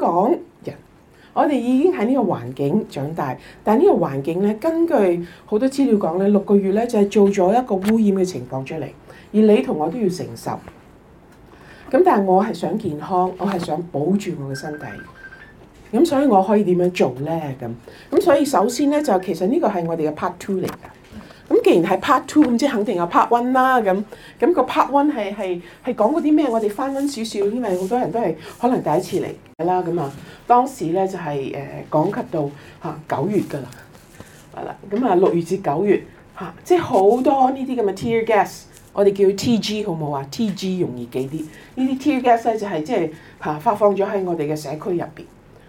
港人，我哋已經喺呢個環境長大，但呢個環境咧，根據好多資料講咧，六個月咧就係、是、做咗一個污染嘅情況出嚟，而你同我都要承受。咁但係我係想健康，我係想保住我嘅身體，咁所以我可以點樣做咧？咁咁所以首先咧，就其實呢個係我哋嘅 part two 嚟㗎。既然係 part two 咁，即係肯定有 part one 啦。咁、那、咁個 part one 係係係講嗰啲咩？我哋翻溫少少，因為好多人都係可能第一次嚟啦。咁啊，當時咧就係、是、誒、呃、講及到嚇、啊、九月㗎啦，係、啊、啦。咁啊，六月至九月嚇、啊，即係好多呢啲咁嘅 tear gas，我哋叫 T G 好冇啊？T G 容易記啲。呢啲 tear gas 咧就係即係嚇發放咗喺我哋嘅社區入邊。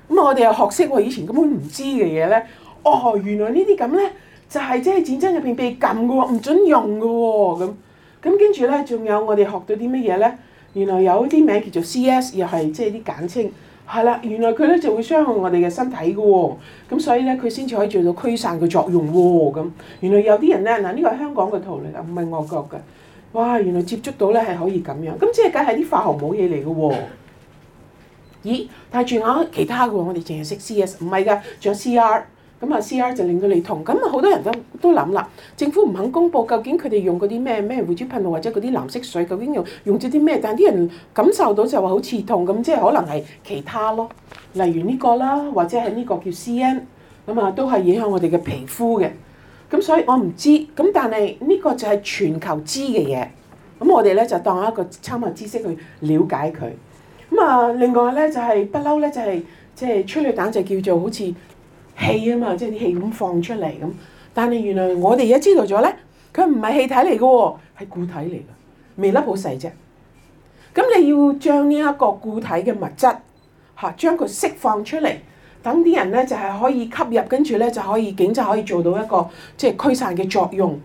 咁啊，我哋又學識喎，以前根本唔知嘅嘢咧，哦，原來這這呢啲咁咧。就係即係戰爭入邊被禁嘅喎，唔準用嘅喎咁。咁跟住咧，仲有我哋學到啲乜嘢咧？原來有啲名叫做 CS，又係即係啲簡稱。係啦，原來佢咧就會傷害我哋嘅身體嘅喎、哦。咁所以咧，佢先至可以做到驅散嘅作用喎、哦。咁原來有啲人咧嗱，呢、這個係香港嘅圖嚟啊，唔係外國嘅。哇！原來接觸到咧係可以咁樣。咁即係梗係啲化學冇嘢嚟嘅喎。咦？但係仲有其他嘅喎，我哋淨係識 CS，唔係嘅，仲有 CR。咁啊，C R 就令到你痛，咁啊，好多人都都諗啦。政府唔肯公佈，究竟佢哋用嗰啲咩咩胡椒噴霧或者嗰啲藍色水，究竟用用咗啲咩？但啲人感受到就話好似痛，咁即係可能係其他咯。例如呢個啦，或者係呢個叫 C N，咁啊都係影響我哋嘅皮膚嘅。咁所以我唔知，咁但係呢個就係全球知嘅嘢。咁我哋咧就當一個參考知識去了解佢。咁啊，另外咧就係不嬲咧，就係即係催淚彈就叫做好似氣啊嘛，即係啲氣咁放出嚟咁。但係原來我哋而家知道咗咧，佢唔係氣體嚟嘅喎，係固體嚟嘅，微粒好細啫。咁你要將呢一個固體嘅物質嚇，將佢釋放出嚟，等啲人咧就係、是、可以吸入，跟住咧就可以警就可以做到一個即係驅散嘅作用。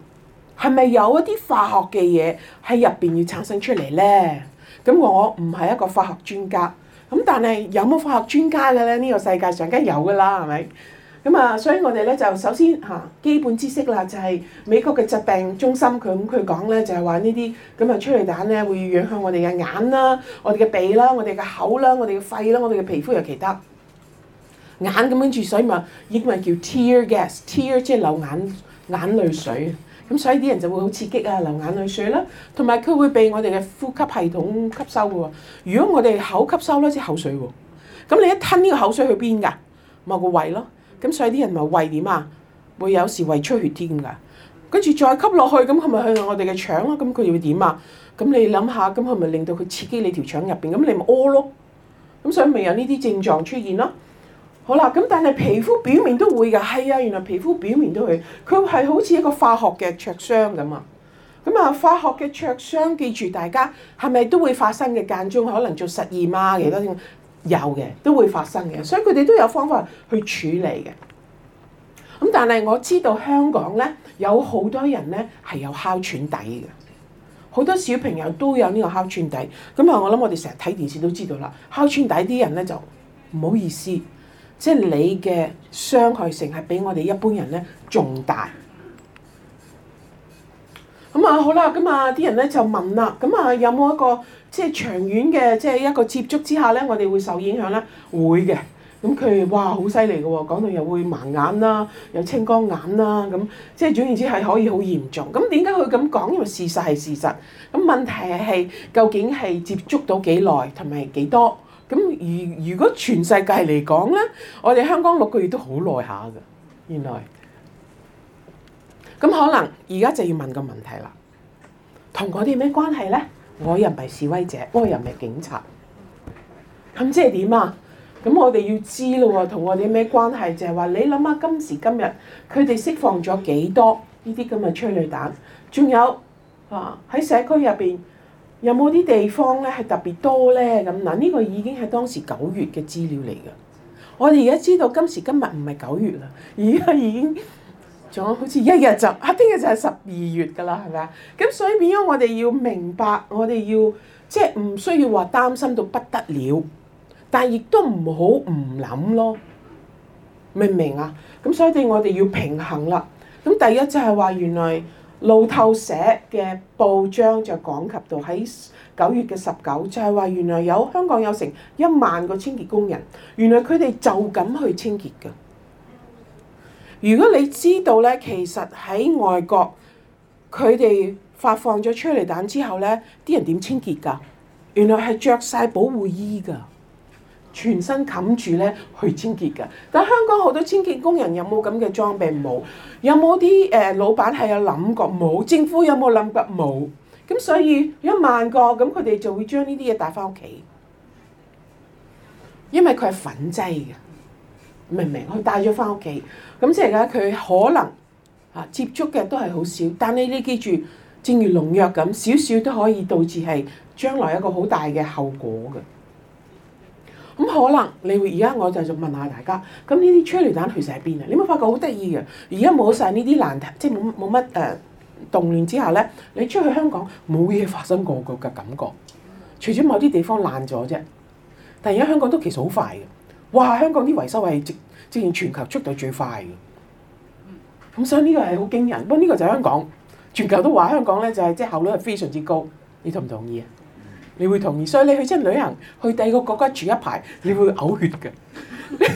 係咪有一啲化學嘅嘢喺入邊要產生出嚟咧？咁我唔係一個化學專家，咁但係有冇化學專家嘅咧？呢、這個世界上梗係有嘅啦，係咪？咁啊、嗯，所以我哋咧就首先嚇、啊、基本知識啦，就係、是、美國嘅疾病中心佢咁佢講咧就係、是、話、嗯、呢啲咁啊，催淚彈咧會影響我哋嘅眼啦、我哋嘅鼻啦、我哋嘅口啦、我哋嘅肺啦、我哋嘅皮膚以及其他眼咁樣住所以物、就是，英文叫 tear gas，tear 即係流眼眼淚水，咁、嗯、所以啲人就會好刺激啊，流眼淚水啦，同埋佢會被我哋嘅呼吸系統吸收嘅喎。如果我哋口吸收咧，即、就是、口水喎。咁你一吞呢個口水去邊㗎？咪個胃咯。咁所以啲人咪胃點啊？會有時胃出血添㗎，跟住再吸落去，咁係咪去到我哋嘅腸咯，咁佢要點啊？咁你諗下，咁係咪令到佢刺激你條腸入邊，咁你咪屙咯。咁所以咪有呢啲症狀出現啦。好啦，咁但係皮膚表面都會㗎，係啊，原來皮膚表面都會，佢係好似一個化學嘅灼傷咁啊。咁啊，化學嘅灼傷，記住大家係咪都會發生嘅間中？可能做實驗啊，幾多有嘅都會發生嘅，所以佢哋都有方法去處理嘅。咁但係我知道香港呢有好多人呢係有哮喘底嘅，好多小朋友都有呢個哮喘底。咁啊，我諗我哋成日睇電視都知道啦，哮喘底啲人呢就唔好意思，即係你嘅傷害性係比我哋一般人呢仲大。咁啊、嗯，好啦，咁啊，啲人咧就問啦，咁啊，有冇一個即係長遠嘅，即係一個接觸之下咧，我哋會受影響咧？會嘅。咁佢哇，好犀利嘅喎，講到又會盲眼啦，又青光眼啦，咁即係總言之係可以好嚴重。咁點解佢咁講？因為事實係事實。咁問題係究竟係接觸到幾耐，同埋幾多？咁如如果全世界嚟講咧，我哋香港六個月都好耐下㗎，原來。咁可能而家就要問個問題啦，同我哋咩關係咧？我又唔係示威者，我又唔係警察，咁即係點啊？咁我哋要知咯喎，同我哋咩關係？就係話你諗下今時今日，佢哋釋放咗幾多呢啲咁嘅催淚彈？仲有啊，喺社區入邊有冇啲地方咧係特別多咧？咁嗱，呢個已經係當時九月嘅資料嚟噶。我哋而家知道今時今日唔係九月啦，而家已經。仲好似一日就啊，聽日就係十二月㗎啦，係咪啊？咁所以變咗我哋要明白，我哋要即係唔需要話擔心到不得了，但亦都唔好唔諗咯，明唔明啊？咁所以我哋要平衡啦。咁第一就係話原來路透社嘅報章就講及到喺九月嘅十九，就係話原來有香港有成一萬個清潔工人，原來佢哋就咁去清潔㗎。如果你知道咧，其實喺外國，佢哋發放咗催淚彈之後咧，啲人點清潔㗎？原來係着晒保護衣㗎，全身冚住咧去清潔㗎。但香港好多清潔工人有冇咁嘅裝備？冇，有冇啲誒老闆係有諗過？冇，政府有冇諗過？冇。咁所以一萬個咁，佢哋就會將呢啲嘢帶翻屋企，因為佢係粉劑嘅，明唔明？佢帶咗翻屋企。咁即係咧，佢可能啊接觸嘅都係好少，但你你記住，正如農藥咁，少少都可以導致係將來一個好大嘅後果嘅。咁可能你會而家我就係問下大家，咁呢啲催淚彈其實喺邊啊？你有冇發覺好得意嘅？而家冇晒呢啲難題，即係冇冇乜誒動亂之下咧，你出去香港冇嘢發生過嘅感覺，除咗某啲地方爛咗啫。但而家香港都其實好快嘅，哇！香港啲維修係之前全球速度最快嘅，咁所以呢個係好驚人。不過呢個就係香港，全球都話香港咧就係、是、即係效率係非常之高，你同唔同意啊？你會同意，所以你去親旅行去第二個國家住一排，你會嘔血嘅。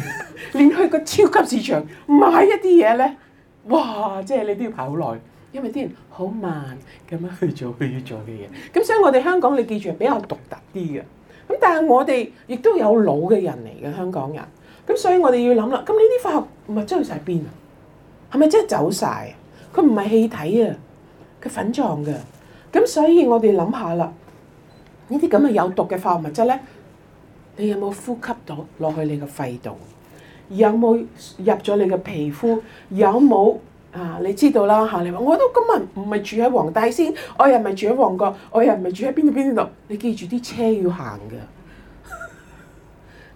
連去個超級市場買一啲嘢咧，哇！即、就、係、是、你都要排好耐，因為啲人好慢咁樣去做佢要做嘅嘢。咁所以我哋香港，你記住係比較獨特啲嘅。咁但係我哋亦都有老嘅人嚟嘅香港人。咁所以我哋要諗啦，咁呢啲化學物質去晒邊啊？係咪真係走晒？佢唔係氣體啊，佢粉狀嘅。咁所以我哋諗下啦，呢啲咁嘅有毒嘅化學物質咧，你有冇呼吸到落去你個肺度？有冇入咗你嘅皮膚？有冇啊？你知道啦吓，你我都今日唔係住喺黃大仙，我又唔係住喺旺角，我又唔係住喺邊度邊度？你記住啲車要行㗎。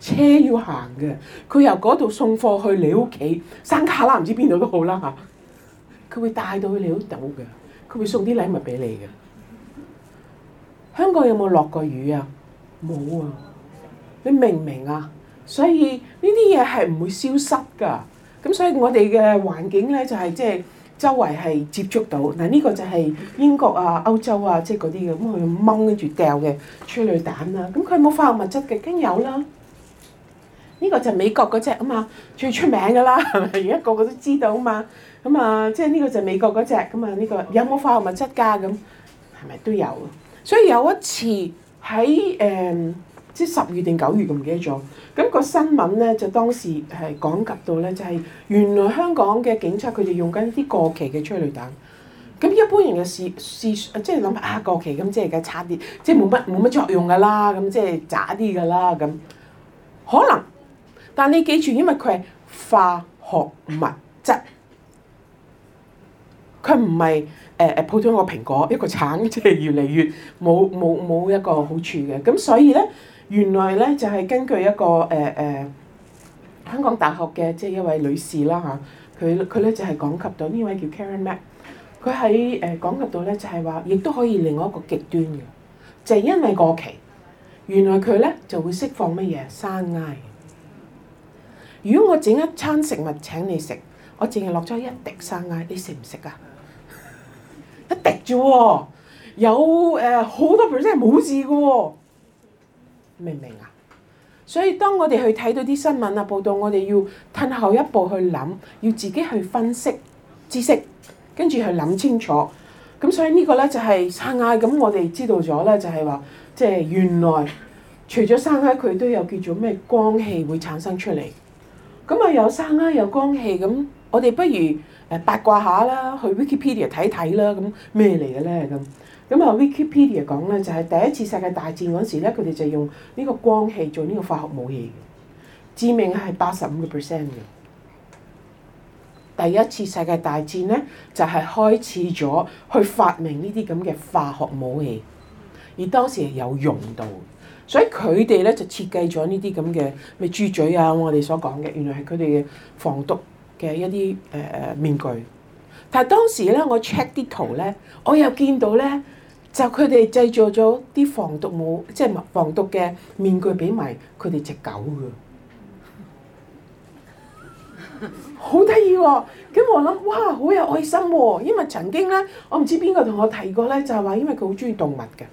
車要行嘅，佢由嗰度送貨去你屋企，山卡拉唔知邊度都好啦嚇，佢會帶到去你屋度嘅，佢會送啲禮物俾你嘅。香港有冇落過雨啊？冇啊！你明唔明啊？所以呢啲嘢係唔會消失㗎。咁所以我哋嘅環境咧就係即係周圍係接觸到嗱，呢個就係英國啊、歐洲啊，即係嗰啲嘅咁佢掹住掉嘅催淚彈啦，咁佢冇化學物質嘅，梗有啦。呢個就係美國嗰隻啊嘛，最出名㗎啦，係咪？而家個個都知道啊嘛，咁啊，即係呢個就係美國嗰隻咁啊，呢、這個有冇化學物質㗎？咁係咪都有？所以有一次喺誒、呃，即係十月定九月，我唔記得咗。咁、那個新聞咧就當時係講及到咧，就係、是、原來香港嘅警察佢哋用緊啲過期嘅催淚彈。咁一般人嘅事，視即係諗下過期咁即係而家差啲，即係冇乜冇乜作用㗎啦，咁即係渣啲㗎啦咁，可能。但你記住，因為佢係化學物質，佢唔係誒誒普通一個蘋果一個橙，即係越嚟越冇冇冇一個好處嘅。咁所以咧，原來咧就係根據一個誒誒香港大學嘅即係一位女士啦嚇，佢佢咧就係講及到呢位叫 Karen Mack，佢喺誒講及到咧就係話，亦都可以另外一個極端嘅，就係因為過期，原來佢咧就會釋放乜嘢山埃。如果我整一餐食物請你食，我淨係落咗一滴山埃，你食唔食啊？ 一滴啫喎，有誒好、呃、多 percent 係冇事嘅喎，明唔明啊？所以當我哋去睇到啲新聞啊報道，我哋要退後一步去諗，要自己去分析知識，跟住去諗清楚。咁所以這個呢個咧就係、是、山埃。咁我哋知道咗咧就係、是、話，即、就、係、是、原來除咗山埃，佢都有叫做咩光氣會產生出嚟。咁啊有生啦有光氣，咁，我哋不如八卦一下啦，去 Wikipedia 睇睇啦，咁咩嚟嘅咧咁？Wikipedia 講呢，說就係、是、第一次世界大戰嗰時咧，佢哋就用呢個光氣做呢個化學武器，致命係八十五個 percent 嘅。第一次世界大戰呢，就係、是、開始咗去發明呢啲咁嘅化學武器，而當時係有用到。所以佢哋咧就設計咗呢啲咁嘅咩豬嘴啊，我哋所講嘅，原來係佢哋嘅防毒嘅一啲誒誒面具。但係當時咧，我 check 啲圖咧，我又見到咧，就佢哋製造咗啲防毒帽，即係防毒嘅面具俾埋佢哋隻狗㗎。好得意喎！咁我諗，哇，好有愛心喎！因為曾經咧，我唔知邊個同我提過咧，就係話因為佢好中意動物嘅。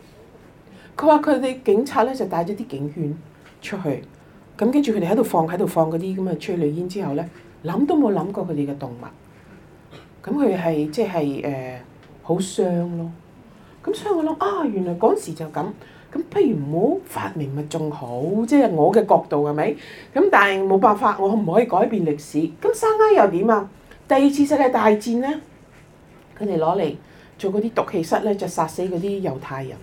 佢話：佢哋警察咧就帶咗啲警犬出去，咁跟住佢哋喺度放喺度放嗰啲咁嘅催淚煙之後咧，諗都冇諗過佢哋嘅動物。咁佢係即係誒好傷咯。咁所以我諗啊，原來嗰時就咁。咁不如唔好發明咪仲好？即係我嘅角度係咪？咁但係冇辦法，我可唔可以改變歷史？咁生拉又點啊？第二次世界大戰咧，佢哋攞嚟做嗰啲毒氣室咧，就殺死嗰啲猶太人。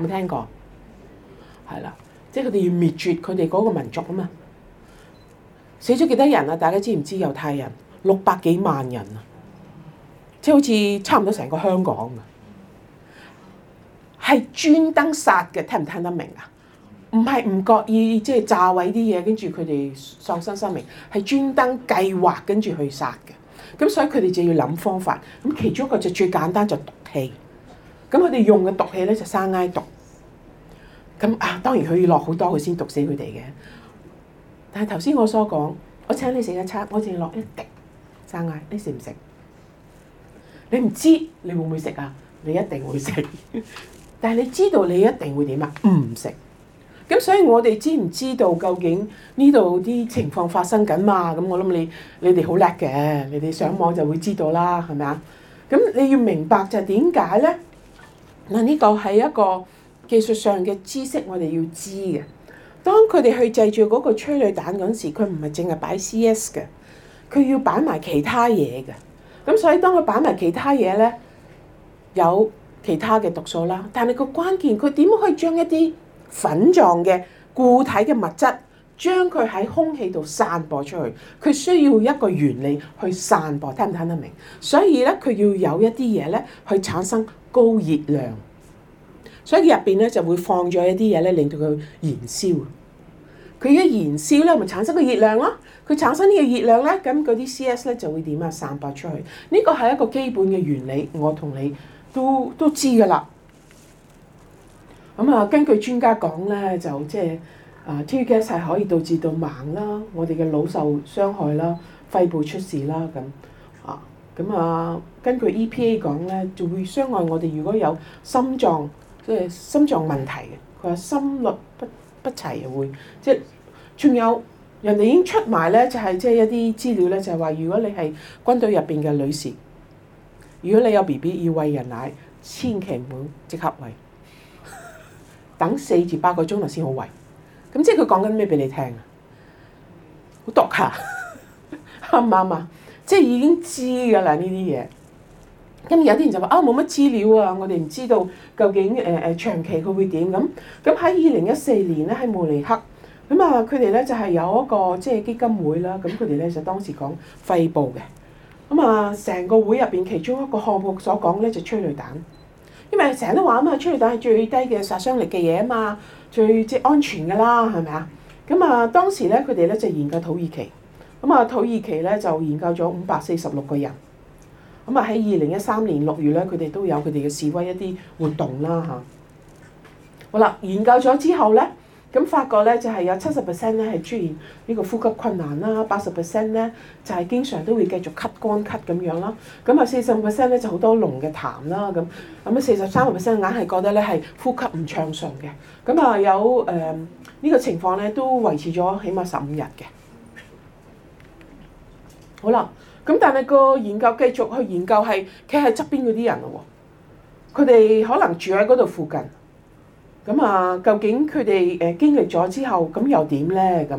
冇聽過，係啦，即係佢哋要滅絕佢哋嗰個民族啊嘛，死咗幾多人啊？大家知唔知猶太人六百幾萬人啊？即係好似差唔多成個香港啊，係專登殺嘅，聽唔聽得明啊？唔係唔覺意，即係炸毀啲嘢，跟住佢哋喪身生命，係專登計劃跟住去殺嘅。咁所以佢哋就要諗方法。咁其中一個就係，最簡單就毒氣。咁佢哋用嘅毒氣咧就山埃毒，咁啊當然佢要落好多佢先毒死佢哋嘅。但係頭先我所講，我請你食一餐，我淨係落一滴山埃，你食唔食？你唔知你會唔會食啊？你一定會食，但係你知道你一定會點啊？唔、嗯、食。咁所以我哋知唔知道究竟呢度啲情況發生緊、啊、嘛？咁我諗你你哋好叻嘅，你哋上網就會知道啦，係咪啊？咁你要明白就係點解咧？嗱，呢個係一個技術上嘅知識，我哋要知嘅。當佢哋去製造嗰個催淚彈嗰陣時候，佢唔係淨係擺 CS 嘅，佢要擺埋其他嘢嘅。咁所以當佢擺埋其他嘢咧，有其他嘅毒素啦。但係個關鍵，佢點可以將一啲粉狀嘅固體嘅物質，將佢喺空氣度散播出去？佢需要一個原理去散播，聽唔聽得明？所以咧，佢要有一啲嘢咧去產生。高熱量，所以入邊咧就會放咗一啲嘢咧，令到佢燃燒。佢一燃燒咧，咪產生個熱量咯。佢產生呢個熱量咧，咁嗰啲 CS 咧就會點啊？散發出去。呢個係一個基本嘅原理，我同你都都知噶啦。咁啊，根據專家講咧，就即係啊，TVGS 係可以導致到盲啦，我哋嘅腦受傷害啦，肺部出事啦咁。咁啊，根據 EPA 講咧，就會傷害我哋。如果有心臟即係、就是、心臟問題嘅，佢話心律不不齊又會即係仲有人哋已經出埋咧，就係即係一啲資料咧，就係、是、話如果你係軍隊入邊嘅女士，如果你有 BB 要餵人奶，千祈唔好即刻餵，等四至八個鐘頭先好餵。咁即係佢講緊咩俾你聽啊？好毒啊，啱唔啱啊！ 對即係已經知㗎啦呢啲嘢，咁有啲人就話啊，冇乜資料啊，我哋唔知道究竟誒誒、呃、長期佢會點咁？咁喺二零一四年咧喺慕尼克咁啊，佢哋咧就係、是、有一個即係基金會啦，咁佢哋咧就是、當時講肺部嘅，咁啊成個會入邊其中一個項目所講咧就是、催淚彈，因為成日都話啊嘛，催淚彈係最低嘅殺傷力嘅嘢啊嘛，最即係安全㗎啦，係咪啊？咁啊當時咧佢哋咧就研究土耳其。咁啊，土耳其咧就研究咗五百四十六個人。咁啊，喺二零一三年六月咧，佢哋都有佢哋嘅示威一啲活動啦，嚇。好啦，研究咗之後咧，咁發覺咧就係有七十 percent 咧係出現呢個呼吸困難啦，八十 percent 咧就係、是、經常都會繼續咳乾咳咁樣啦。咁啊，四十五 percent 咧就好、是、多濃嘅痰啦，咁咁啊，四十三 percent 硬係覺得咧係呼吸唔暢順嘅。咁啊，有誒呢個情況咧都維持咗起碼十五日嘅。好啦，咁但係個研究繼續去研究係企喺側邊嗰啲人咯喎，佢哋可能住喺嗰度附近，咁啊，究竟佢哋誒經歷咗之後咁又點咧？咁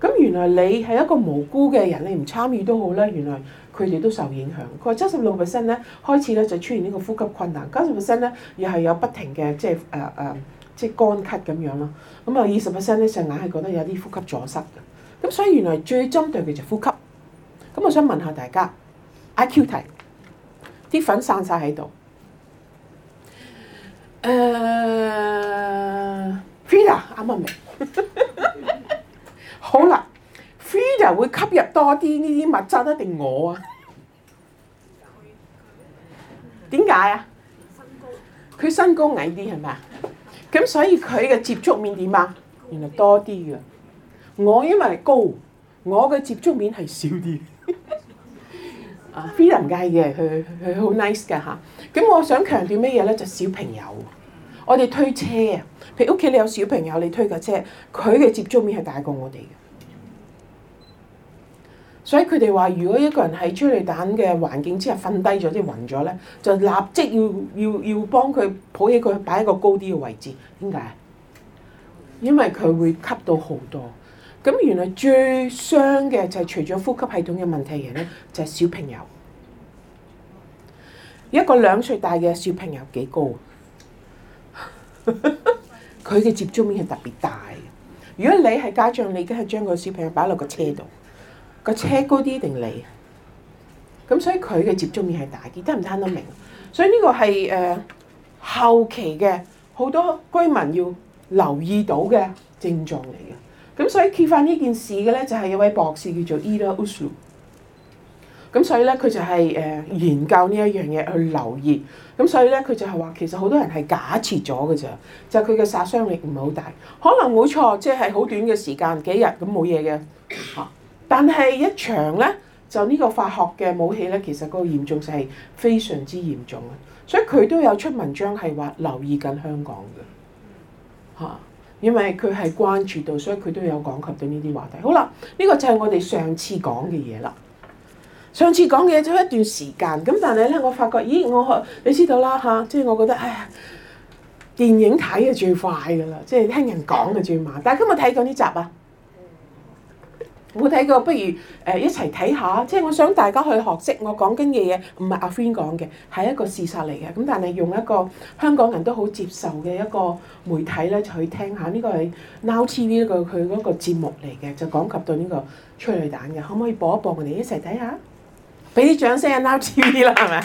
咁原來你係一個無辜嘅人，你唔參與都好咧。原來佢哋都受影響。佢話七十六 percent 咧開始咧就出現呢個呼吸困難，九十 percent 咧又係有不停嘅即係誒誒即係乾咳咁樣咯。咁啊，二十 percent 咧成硬係覺得有啲呼吸阻塞嘅。咁所以原來最針對嘅就呼吸。咁我想問下大家，IQ 題，啲粉散曬喺度。誒，Fila 啱唔啱？好啦，Fila 會吸入多啲呢啲物質啊？定我啊？點解啊？佢身高矮啲係咪啊？咁所以佢嘅接觸面點啊？原來多啲嘅。我因為高，我嘅接觸面係少啲。啊，菲林介嘅，佢佢好 nice 噶吓，咁我想強調咩嘢咧？就小朋友，我哋推車，譬如屋企你有小朋友，你推架車，佢嘅接觸面係大過我哋嘅。所以佢哋話，如果一個人喺催淚彈嘅環境之下瞓低咗，即係暈咗咧，就立即要要要幫佢抱起佢，擺一個高啲嘅位置。點解？因為佢會吸到好多。咁原來最傷嘅就係除咗呼吸系統嘅問題人咧，就係小朋友。一個兩歲大嘅小朋友幾高？佢嘅接觸面係特別大。如果你係家長，你而家係將個小朋友擺落個車度，個車高啲定你？咁所以佢嘅接觸面係大啲，聽唔聽得明？所以呢個係誒後期嘅好多居民要留意到嘅症狀嚟嘅。咁所以揭發呢件事嘅咧就係有位博士叫做 Ela Uslu。咁所以咧佢就係誒研究呢一樣嘢去留意。咁所以咧佢就係話其實好多人係假設咗嘅咋，就係佢嘅殺傷力唔係好大，可能冇錯，即係好短嘅時間幾日咁冇嘢嘅嚇。但係一場咧就呢個化學嘅武器咧，其實個嚴重性係非常之嚴重啊！所以佢都有出文章係話留意緊香港嘅嚇。因為佢係關注到，所以佢都有講及到呢啲話題。好啦，呢個就係我哋上次講嘅嘢啦。上次講嘅嘢仲有一段時間，咁但係咧，我發覺，咦，我你知道啦嚇，即係我覺得，哎呀，電影睇就最快㗎啦，即係聽人講就最慢。但係今日睇過呢集啊。冇睇過，不如誒、呃、一齊睇下。即係我想大家去學識我講緊嘅嘢，唔係阿 Finn 講嘅，係一個事實嚟嘅。咁但係用一個香港人都好接受嘅一個媒體咧，就去聽下。呢、這個係 Now TV 個佢嗰個節目嚟嘅，就講及到呢個催淚彈嘅，可唔可以播一播？我哋一齊睇下，俾啲掌聲 呀 Now TV 啦，係咪？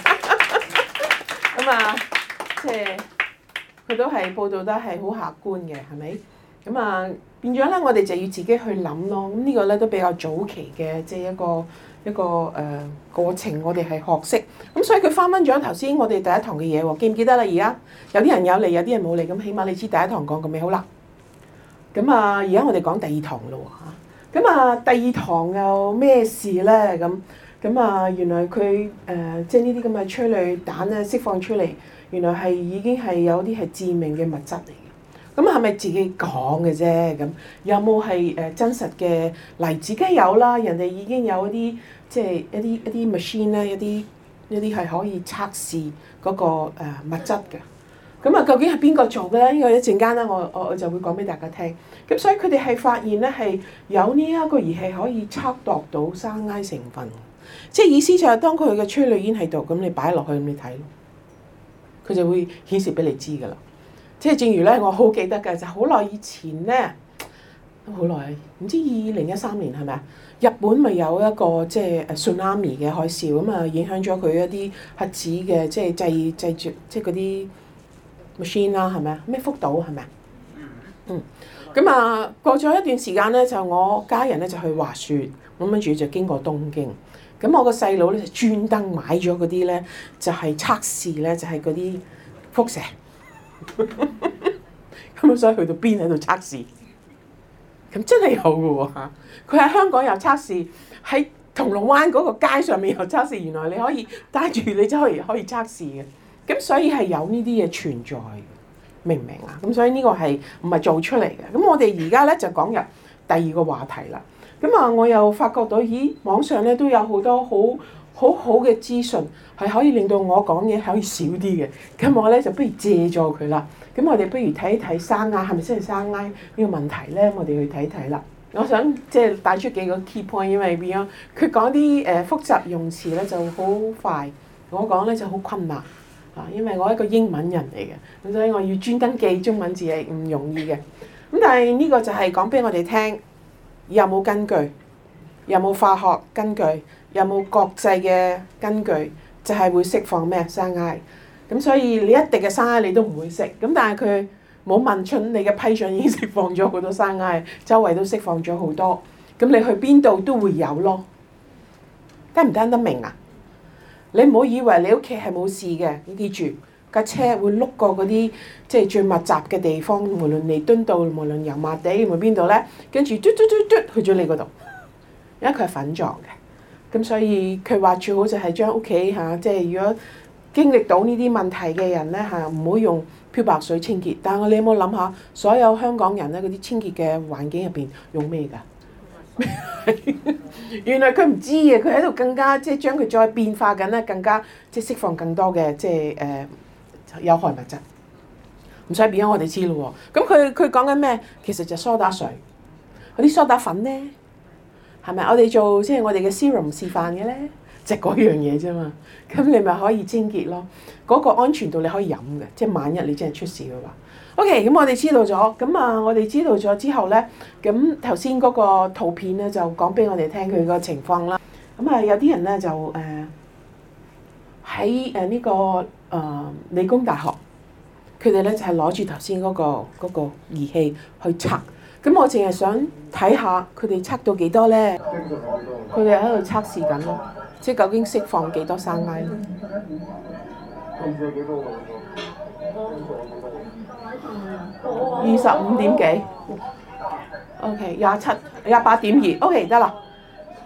咁啊、 嗯，即係佢都係報導得係好客觀嘅，係咪？咁啊，變咗咧，我哋就要自己去諗咯。咁呢個咧都比較早期嘅，即係一個一個誒過程，我哋係學識。咁所以佢翻翻咗頭先，我哋第一堂嘅嘢喎，記唔記得啦？而家有啲人有嚟，有啲人冇嚟。咁起碼你知第一堂講過咩好啦。咁啊，而家我哋講第二堂咯喎。咁啊，第二堂又咩事咧？咁咁啊，原來佢誒即係呢啲咁嘅催淚彈咧，釋放出嚟，原來係已經係有啲係致命嘅物質嚟。咁係咪自己講嘅啫？咁有冇係真實嘅？嚟自己有啦，人哋已經有一啲即係一啲一啲 machine 啦，一啲一啲係可以測試嗰個物質嘅。咁啊，究竟係邊個做嘅咧？呢個一陣間咧，我我我就會講俾大家聽。咁所以佢哋係發現咧係有呢一個儀器可以測度到生埃成分。即係意思就係當佢嘅催淚煙喺度，咁你擺落去咁你睇，佢就會顯示俾你知㗎啦。即係正如咧，我好記得嘅，就好、是、耐以前咧，好耐唔知二零一三年係咪啊？日本咪有一個即係誒 tsunami 嘅海嘯咁啊，影響咗佢一啲核子嘅即係製製造即係嗰啲 machine 啦，係咪啊？咩福島係咪啊？嗯，咁啊過咗一段時間咧，就我家人咧就去滑雪，咁跟住就經過東京，咁我個細佬咧就專登買咗嗰啲咧，就係、就是、測試咧，就係嗰啲輻射。咁 所以去到邊喺度測試？咁真係有嘅喎吓！佢喺香港又測試，喺銅鑼灣嗰個街上面又測試。原來你可以戴住，你真係可以測試嘅。咁所以係有呢啲嘢存在，明唔明啊？咁所以呢個係唔係做出嚟嘅？咁我哋而家咧就講入第二個話題啦。咁啊，我又發覺到，咦，網上咧都有好多好～好好嘅資訊係可以令到我講嘢可以少啲嘅，咁我咧就不如借助佢啦。咁我哋不如睇一睇生啊，係咪先？係生癌呢個問題咧，我哋去睇睇啦。我想即係帶出幾個 key point，因為點樣佢講啲誒複雜用詞咧就好快，我講咧就好困難啊，因為我係一個英文人嚟嘅，咁所以我要專登記中文字係唔容易嘅。咁但係呢個就係講俾我哋聽，有冇根據，有冇化學根據？有冇國際嘅根據？就係、是、會釋放咩沙埃？咁所以你一滴嘅沙埃你都唔會食。咁但係佢冇問出你嘅批准已經釋放咗好多沙埃，周圍都釋放咗好多。咁你去邊度都會有咯。聽唔聽得唔得明啊？你唔好以為你屋企係冇事嘅，你記住架車會碌過嗰啲即係最密集嘅地方，無論彌敦道，無論油麻地，無論邊度咧，跟住嘟嘟嘟嘟去咗你嗰度，因為佢係粉狀嘅。咁所以佢話最好就係將屋企吓，即係如果經歷到呢啲問題嘅人咧吓，唔好用漂白水清潔。但係我你有冇諗下，所有香港人咧嗰啲清潔嘅環境入邊用咩㗎？ 原來佢唔知嘅，佢喺度更加即係將佢再變化緊咧，更加即係釋放更多嘅即係誒有害物質。唔使畀我哋知咯喎。咁佢佢講緊咩？其實就蘇打水，嗰啲蘇打粉咧。係咪？是不是我哋做即係我哋嘅 serum 示範嘅咧，就嗰、是 um 就是、樣嘢啫嘛。咁你咪可以清潔咯。嗰、那個安全度你可以飲嘅，即係萬一你真係出事嘅話。OK，咁我哋知道咗。咁啊，我哋知道咗之後咧，咁頭先嗰個圖片咧就講俾我哋聽佢、這個情況啦。咁、呃、啊，有啲人咧就誒喺誒呢個誒理工大學，佢哋咧就係攞住頭先嗰個嗰個儀、那個、器去測。咁我淨係想睇下佢哋測到幾多咧？佢哋喺度測試緊咯，即究竟釋放幾多少三米？二十五點幾？OK，廿七、okay,、廿八點二，OK 得啦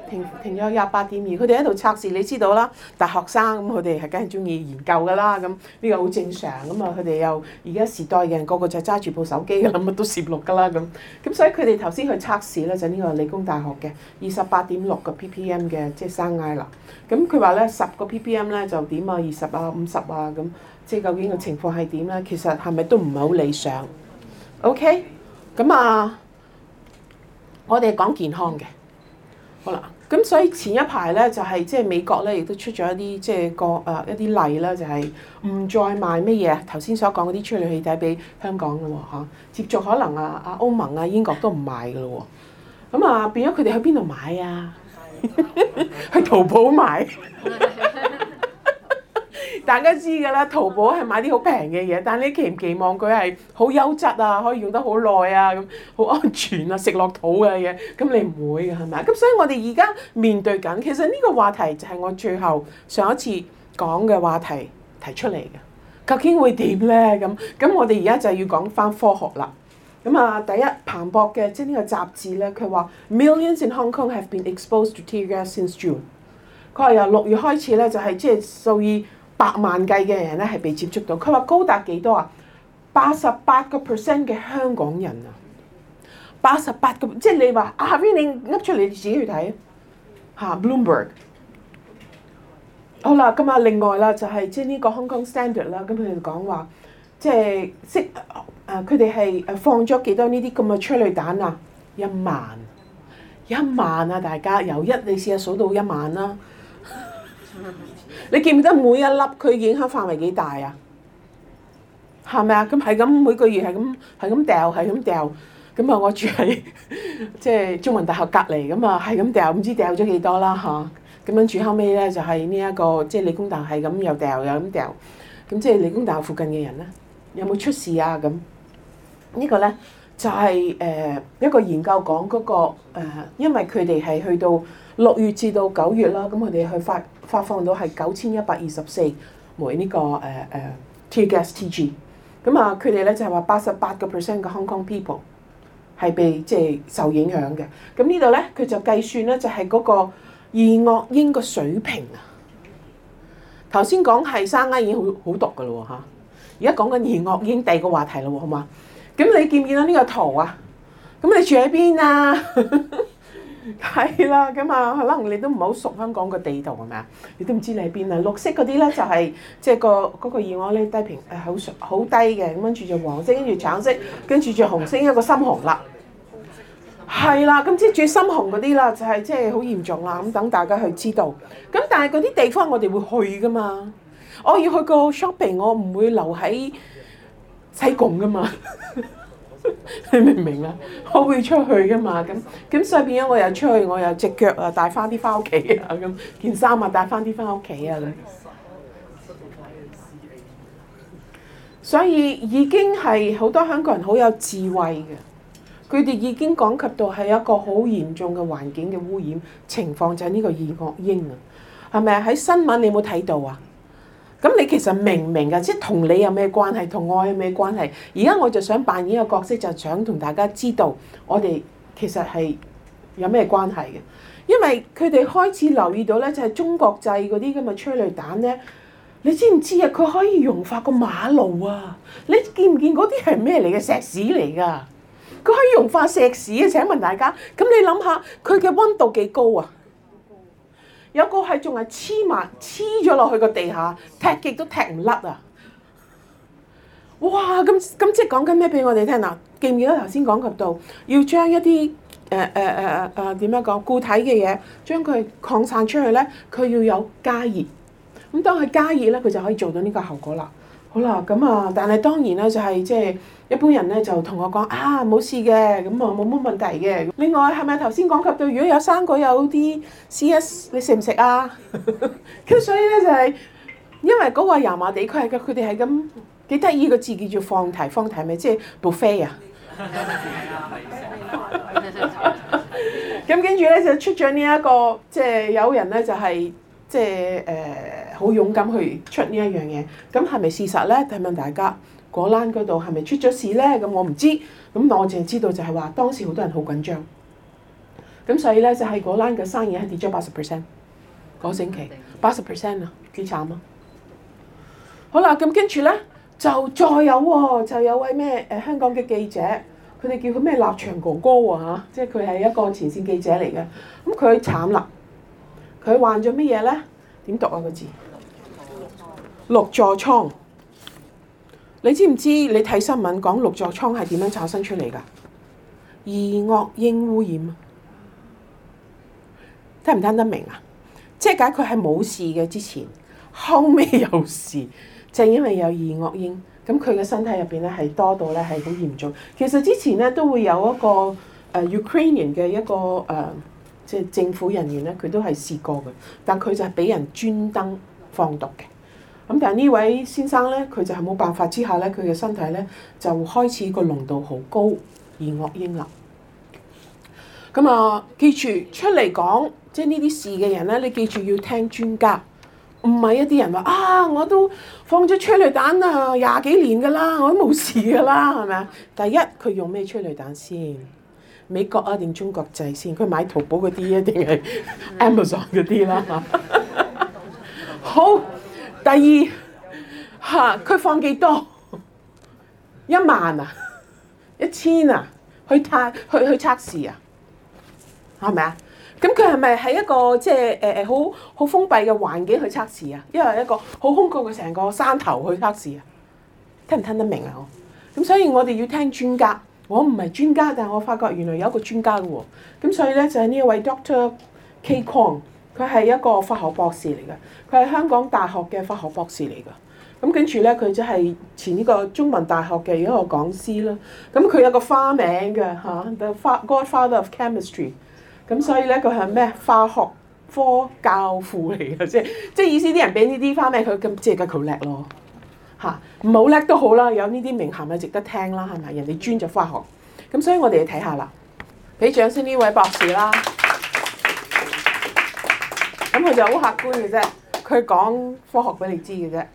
停停咗廿八點二，佢哋喺度測試，你知道啦。大學生咁，佢哋係梗係中意研究噶啦，咁呢個好正常。咁啊，佢哋又而家時代嘅人，個個就揸住部手機啦，乜都攝錄噶啦咁。咁所以佢哋頭先去測試咧，就係呢個理工大學嘅二十八點六個 ppm 嘅，即係山埃啦。咁佢話咧，十個 ppm 咧就點啊？二十啊？五十啊？咁即係究竟個情況係點咧？其實係咪都唔係好理想？OK，咁啊，我哋講健康嘅，好啦。咁所以前一排咧就係即係美國咧亦都出咗一啲即係個誒一啲例啦，就係唔再賣乜嘢啊頭先所講嗰啲催淚氣體俾香港噶喎嚇接著可能啊啊歐盟啊英國都唔賣噶咯喎，咁啊變咗佢哋去邊度買啊？去 淘寶買。嗯大家知㗎啦，淘寶係買啲好平嘅嘢，但你期唔期望佢係好優質啊，可以用得好耐啊，咁好安全啊，食落肚嘅嘢、啊，咁你唔會㗎係咪？咁所以我哋而家面對緊，其實呢個話題就係我最後上一次講嘅話題提出嚟嘅。究竟會點咧？咁咁我哋而家就要講翻科學啦。咁啊，第一彭博嘅即係呢個雜誌咧，佢話 Millions in Hong Kong have been exposed to tear gas since June。佢話由六月開始咧、就是，就係即係數以百萬計嘅人咧係被接觸到，佢話高達幾多啊？八十八個 percent 嘅香港人啊，八十八個，即係你話啊，Vinnie 噏出嚟你自己去睇吓？Bloomberg。好啦，咁啊，另外啦，就係即係呢個 Hong Kong Standard 啦，咁佢哋講話即係識啊，佢哋係放咗幾多呢啲咁嘅催淚彈啊？一萬，一萬啊！大家由一你試下數到一萬啦。 你記唔記得每一粒佢影響範圍幾大啊？係咪啊？咁係咁每個月係咁係咁掉係咁掉，咁啊我住喺即係中文大學隔籬，咁啊係咁掉，唔知掉咗幾多啦嚇。咁樣住後尾咧就係呢一個即係理工大學係咁又掉又咁掉，咁即係理工大學附近嘅人咧有冇出事啊？咁呢個咧就係誒一個研究講嗰個誒，因為佢哋係去到六月至到九月啦，咁佢哋去發。發放到係九千一百二十四枚呢個誒誒 tear gas TG，咁啊佢哋咧就係話八十八個 percent 嘅 Hong Kong people 係被即係、就是、受影響嘅。咁呢度咧佢就計算咧就係嗰個二惡英個水平啊。頭先講係山埃已經好好毒嘅咯嚇，而家講緊二惡英第二個話題咯喎，好嘛？咁你見唔見到呢個圖啊？咁你住喺邊啊？ 係啦，咁啊，可能你都唔係好熟香港個地圖係咪啊？你都唔知你喺邊啊！綠色嗰啲咧就係即係個嗰、嗰個熱我咧低平，誒好好低嘅咁樣，跟住就黃色，跟住橙色，跟住就紅色一個深紅啦。係啦，咁即係最深紅嗰啲啦，就係即係好嚴重啦。咁等大家去知道。咁但係嗰啲地方我哋會去噶嘛？我要去個 shopping，我唔會留喺西貢噶嘛。 你明唔明啊？我會出去噶嘛？咁咁所以變咗我又出去，我又隻腳啊帶翻啲翻屋企啊咁，件衫啊帶翻啲翻屋企啊咁。 所以已經係好多香港人好有智慧嘅，佢哋已經講及到係一個好嚴重嘅環境嘅污染情況就係呢個二惡英啊，係咪？喺新聞你有冇睇到啊？咁你其實明唔明啊？即係同你有咩關係，同我有咩關係？而家我就想扮演一個角色，就想同大家知道我哋其實係有咩關係嘅。因為佢哋開始留意到咧，就係中國製嗰啲咁嘅催淚彈咧。你知唔知啊？佢可以融化個馬路啊！你見唔見嗰啲係咩嚟嘅？石屎嚟㗎。佢可以融化石屎啊！請問大家，咁你諗下，佢嘅温度幾高啊？有個係仲係黐埋黐咗落去個地下，踢極都踢唔甩啊！哇！咁咁即係講緊咩？俾我哋聽啦！記唔記得頭先講及到要將一啲誒誒誒誒點樣講固體嘅嘢，將佢擴散出去咧，佢要有加熱。咁當佢加熱咧，佢就可以做到呢個效果啦。好啦，咁啊，但係當然咧，就係即係一般人咧就同我講啊，冇事嘅，咁啊冇乜問題嘅。另外係咪頭先講及到如果有生果有啲 CS，你食唔食啊？咁 所以咧就係、是、因為嗰個油麻地區嘅，佢哋係咁幾得意個字，叫做放題，放題咪即係、就是、buffet 啊？咁跟住咧就出咗呢一個，即、就、係、是、有人咧就係、是。即係誒好勇敢去出呢一樣嘢，咁係咪事實咧？提問大家，果欄嗰度係咪出咗事咧？咁我唔知，咁我淨係知道就係話當時好多人好緊張，咁所以咧就係、是、果欄嘅生意係跌咗八十 percent，嗰星期八十 percent 啊，幾慘啊！好啦，咁跟住咧就再有喎，就有位咩誒、啊、香港嘅記者，佢哋叫佢咩立場哥哥喎、啊啊、即係佢係一個前線記者嚟嘅，咁佢慘啦。佢患咗乜嘢咧？點讀啊個字？氯痤瘡，你知唔知？你睇新聞講氯痤瘡係點樣產生出嚟㗎？二惡英污染，聽唔聽得明啊？即係解佢係冇事嘅之前，後尾有事，就係、是、因為有二惡英。咁佢嘅身體入邊咧係多到咧係好嚴重。其實之前咧都會有一個誒、呃、Ukrainian 嘅一個誒。呃即係政府人員咧，佢都係試過嘅，但佢就係俾人專登放毒嘅。咁但係呢位先生咧，佢就係冇辦法之下咧，佢嘅身體咧就開始個濃度好高二噁英啦。咁啊，記住出嚟講即係呢啲事嘅人咧，你記住要聽專家，唔係一啲人話啊，我都放咗催淚彈啊廿幾年㗎啦，我都冇事㗎啦，係咪啊？第一佢用咩催淚彈先？美國啊定中國製先，佢買淘寶嗰啲一定係 Amazon 嗰啲啦嚇。 好，第二嚇佢、啊、放幾多？一萬啊，一千啊，去測去去測試啊，係咪啊？咁佢係咪喺一個即係誒誒好好封閉嘅環境去測試啊？因為一個好空曠嘅成個山頭去測試啊？聽唔聽得明啊？咁所以我哋要聽專家。我唔係專家，但係我發覺原來有一個專家嘅喎，咁所以咧就係呢一位 Doctor K Kong，佢係一個化學博士嚟嘅，佢係香港大學嘅化學博士嚟嘅，咁跟住咧佢就係前呢個中文大學嘅一個講師啦，咁佢有一個花名嘅嚇，就話 The Godfather of Chemistry，咁所以咧佢係咩化學科教父嚟嘅啫，即係意思啲人俾呢啲花名佢咁，即係佢好叻咯。嚇，唔好叻都好啦，有呢啲名銜咪值得聽啦，係咪？人哋專就科學，咁所以我哋要睇下啦。俾掌聲呢位博士啦，咁佢 就好客觀嘅啫，佢講科學俾你知嘅啫。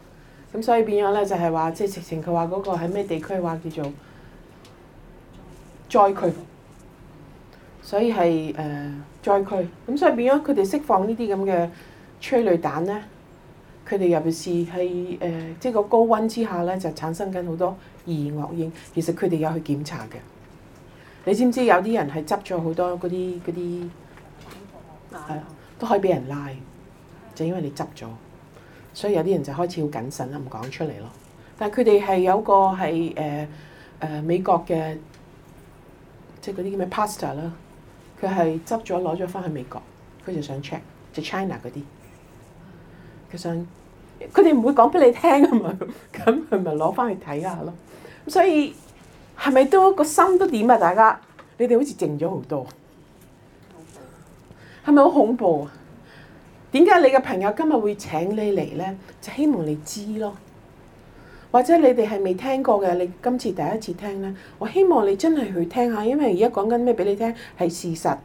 咁所以變咗咧就係話，即係直情佢話嗰個喺咩地區嘅話叫做災區，所以係誒、呃、災區。咁所以變咗佢哋釋放呢啲咁嘅催淚彈咧，佢哋尤其是係誒，即係個高溫之下咧，就產生緊好多二噁英。其實佢哋有去檢查嘅。你知唔知有啲人係執咗好多嗰啲啲？係啊，都可以俾人拉，就因為你執咗。所以有啲人就開始好謹慎啦，唔講出嚟咯。但係佢哋係有個係誒誒美國嘅，即係嗰啲叫咩 pasta 啦。佢係執咗攞咗翻去美國，佢就想 check 就 China 嗰啲。佢想，佢哋唔會講俾你聽啊嘛。咁佢咪攞翻去睇下咯。所以係咪都個心都點啊？大家你哋好似靜咗好多，係咪好恐怖啊？點解你嘅朋友今日會請你嚟咧？就希望你知咯。或者你哋係未聽過嘅，你今次第一次聽咧。我希望你真係去聽下，因為而家講緊咩俾你聽係事實，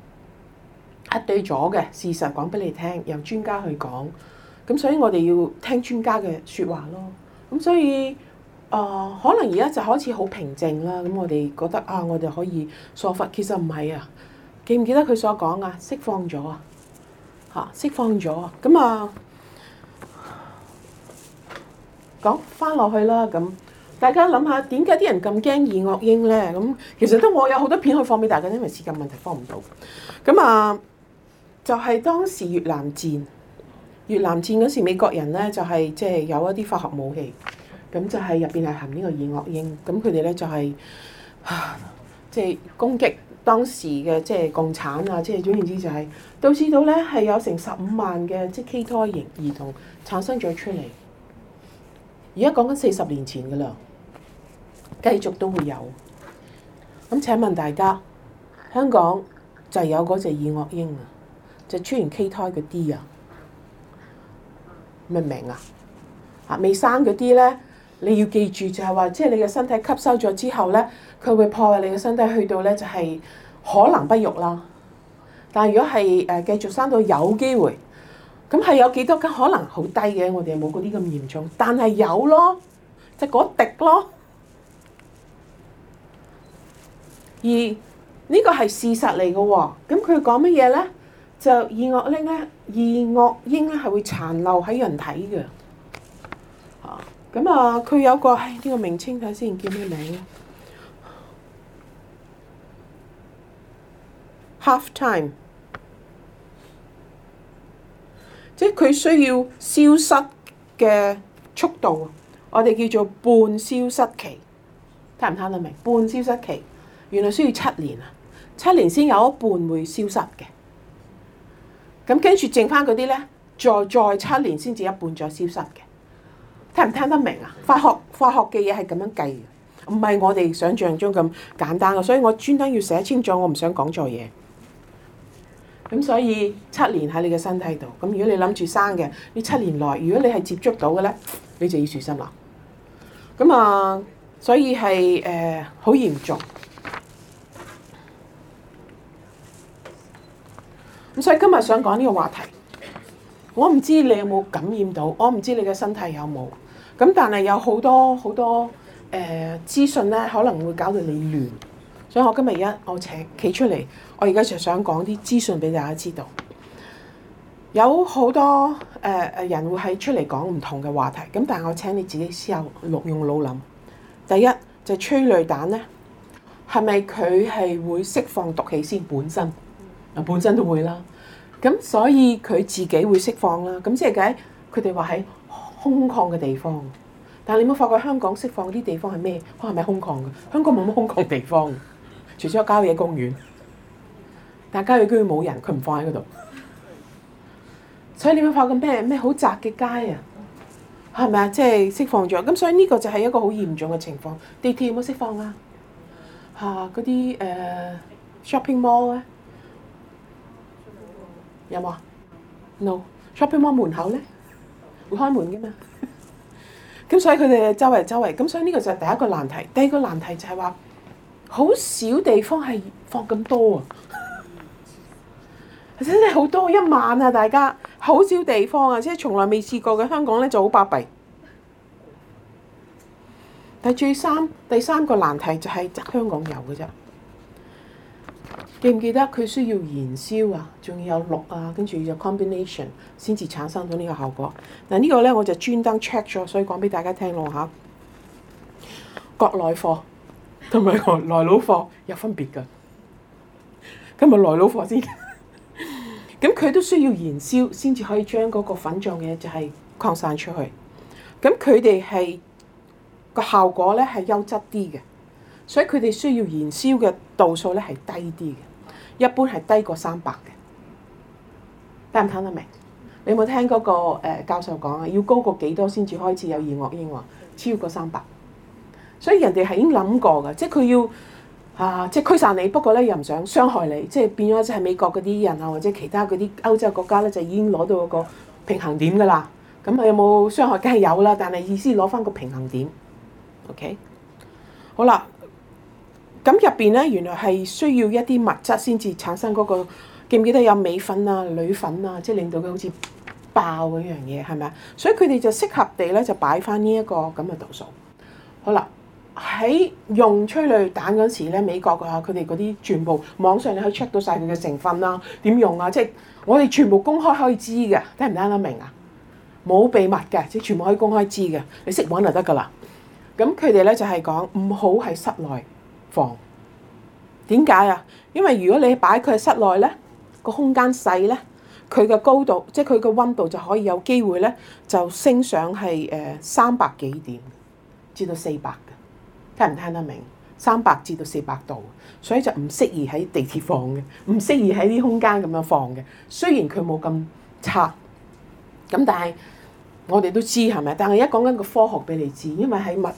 核對咗嘅事實講俾你聽，由專家去講。咁所以我哋要聽專家嘅説話咯。咁所以啊、呃，可能而家就開始好平靜啦。咁我哋覺得啊，我哋可以疏忽，其實唔係啊。記唔記得佢所講啊？釋放咗啊，嚇釋放咗啊。咁啊，講返落去啦。咁大家諗下，點解啲人咁驚二惡英咧？咁其實都我有好多片可以放俾大家，因為時間問題放唔到。咁啊，就係、是、當時越南戰。越南戰嗰時，美國人呢，就係即係有一啲化學武器，咁就係入邊係含呢個二惡英，咁佢哋呢，就係即係攻擊當時嘅即係共產啊，即係總言之就係導致到呢，係有成十五萬嘅即係畸胎型兒童產生咗出嚟。而家講緊四十年前噶啦，繼續都會有。咁請問大家，香港就係有嗰隻二惡英啊，就出現畸胎嗰啲啊？明唔明啊？啊，未生嗰啲咧，你要記住就係話，即係你嘅身體吸收咗之後咧，佢會破壞你嘅身體，去到咧就係可能不育啦。但係如果係誒繼續生到有機會，咁係有幾多？可能好低嘅，我哋冇嗰啲咁嚴重，但係有咯，就嗰滴咯。而呢個係事實嚟嘅喎，咁佢講乜嘢咧？就二噁英咧，二噁英咧係會殘留喺人體嘅，咁啊，佢、啊、有個呢、哎這個名稱睇下先看看，叫咩名？Half time，即係佢需要消失嘅速度，我哋叫做半消失期，睇唔睇得明？半消失期原來需要七年啊，七年先有一半會消失嘅。咁跟住剩翻嗰啲咧，再再七年先至一半再消失嘅，聽唔聽得明啊？化學化學嘅嘢係咁樣計嘅，唔係我哋想象中咁簡單嘅，所以我專登要寫清楚，我唔想講錯嘢。咁所以七年喺你嘅身體度，咁如果你諗住生嘅，呢七年內，如果你係接觸到嘅咧，你就要小心啦。咁啊，所以係誒好嚴重。所以今日想講呢個話題，我唔知你有冇感染到，我唔知你嘅身體有冇。咁但係有好多好多誒資訊咧，可能會搞到你亂。所以我今日一我請企出嚟，我而家就想講啲資訊俾大家知道。有好多誒誒、呃、人會喺出嚟講唔同嘅話題，咁但係我請你自己思下用腦諗。第一就係，催淚彈咧，係咪佢係會釋放毒氣先？本身啊，本身都會啦。咁所以佢自己會釋放啦，咁即係解，佢哋話喺空曠嘅地方。但係你冇發覺香港釋放啲地方係咩？哇係咪空曠嘅？香港冇乜空曠地方，除咗郊野公園，但係郊野居然冇人，佢唔放喺嗰度。所以你冇發覺咩咩好窄嘅街啊？係咪啊？即係釋放咗。咁所以呢個就係一個好嚴重嘅情況。地鐵有冇釋放啊？嚇嗰啲誒、呃、shopping mall 咧、啊？有冇？No，shopping mall 門口咧會開門嘅嘛，咁所以佢哋周圍周圍，咁所以呢個就係第一個難題。第二個難題就係話好少地方係放咁多啊，真係好多一萬啊！大家好少地方啊，即係從來未試過嘅香港咧就好巴閉。但係最三第三個難題就係執香港有嘅啫。記唔記得佢需要燃燒啊？仲要有氯啊，跟住有 combination 先至產生到呢個效果。嗱、這個、呢個咧我就專登 check 咗，所以講俾大家聽咯吓。國內貨同埋個來佬貨有分別噶。今日來佬貨先。咁 佢都需要燃燒，先至可以將嗰個粉狀嘢，就係擴散出去。咁佢哋係個效果咧係優質啲嘅，所以佢哋需要燃燒嘅度數咧係低啲嘅。一般係低過三百嘅，聽唔聽得明？你有冇聽嗰個教授講啊？要高過幾多先至開始有二噁英呢？話超過三百，所以人哋係已經諗過嘅，即係佢要啊，即係驅散你。不過咧，又唔想傷害你，即係變咗即係美國嗰啲人啊，或者其他嗰啲歐洲國家咧，就已經攞到嗰個平衡點噶啦。咁啊，有冇傷害？梗係有啦，但係意思攞翻個平衡點。OK，好啦。咁入邊咧，原來係需要一啲物質先至產生嗰個，記唔記得有鎂粉啊、鋁粉啊，即係令到佢好似爆嗰樣嘢，係咪啊？所以佢哋就適合地咧，就擺翻呢一個咁嘅度數。好啦，喺用催淚彈嗰時咧，美國嘅佢哋嗰啲全部網上你可以 check 到晒佢嘅成分啦、啊，點用啊？即係我哋全部公開可以知嘅，聽唔聽得明啊？冇秘密嘅，即係全部可以公開知嘅，你識揾就得噶啦。咁佢哋咧就係講唔好喺室內。放，點解啊？因為如果你擺佢喺室內咧，個空間細咧，佢嘅高度即係佢嘅溫度就可以有機會咧，就升上係誒三百幾點，至到四百嘅，聽唔聽得明？三百至到四百度，所以就唔適宜喺地鐵放嘅，唔適宜喺啲空間咁樣放嘅。雖然佢冇咁差，咁但係我哋都知係咪？但係一講緊個科學俾你知，因為喺物。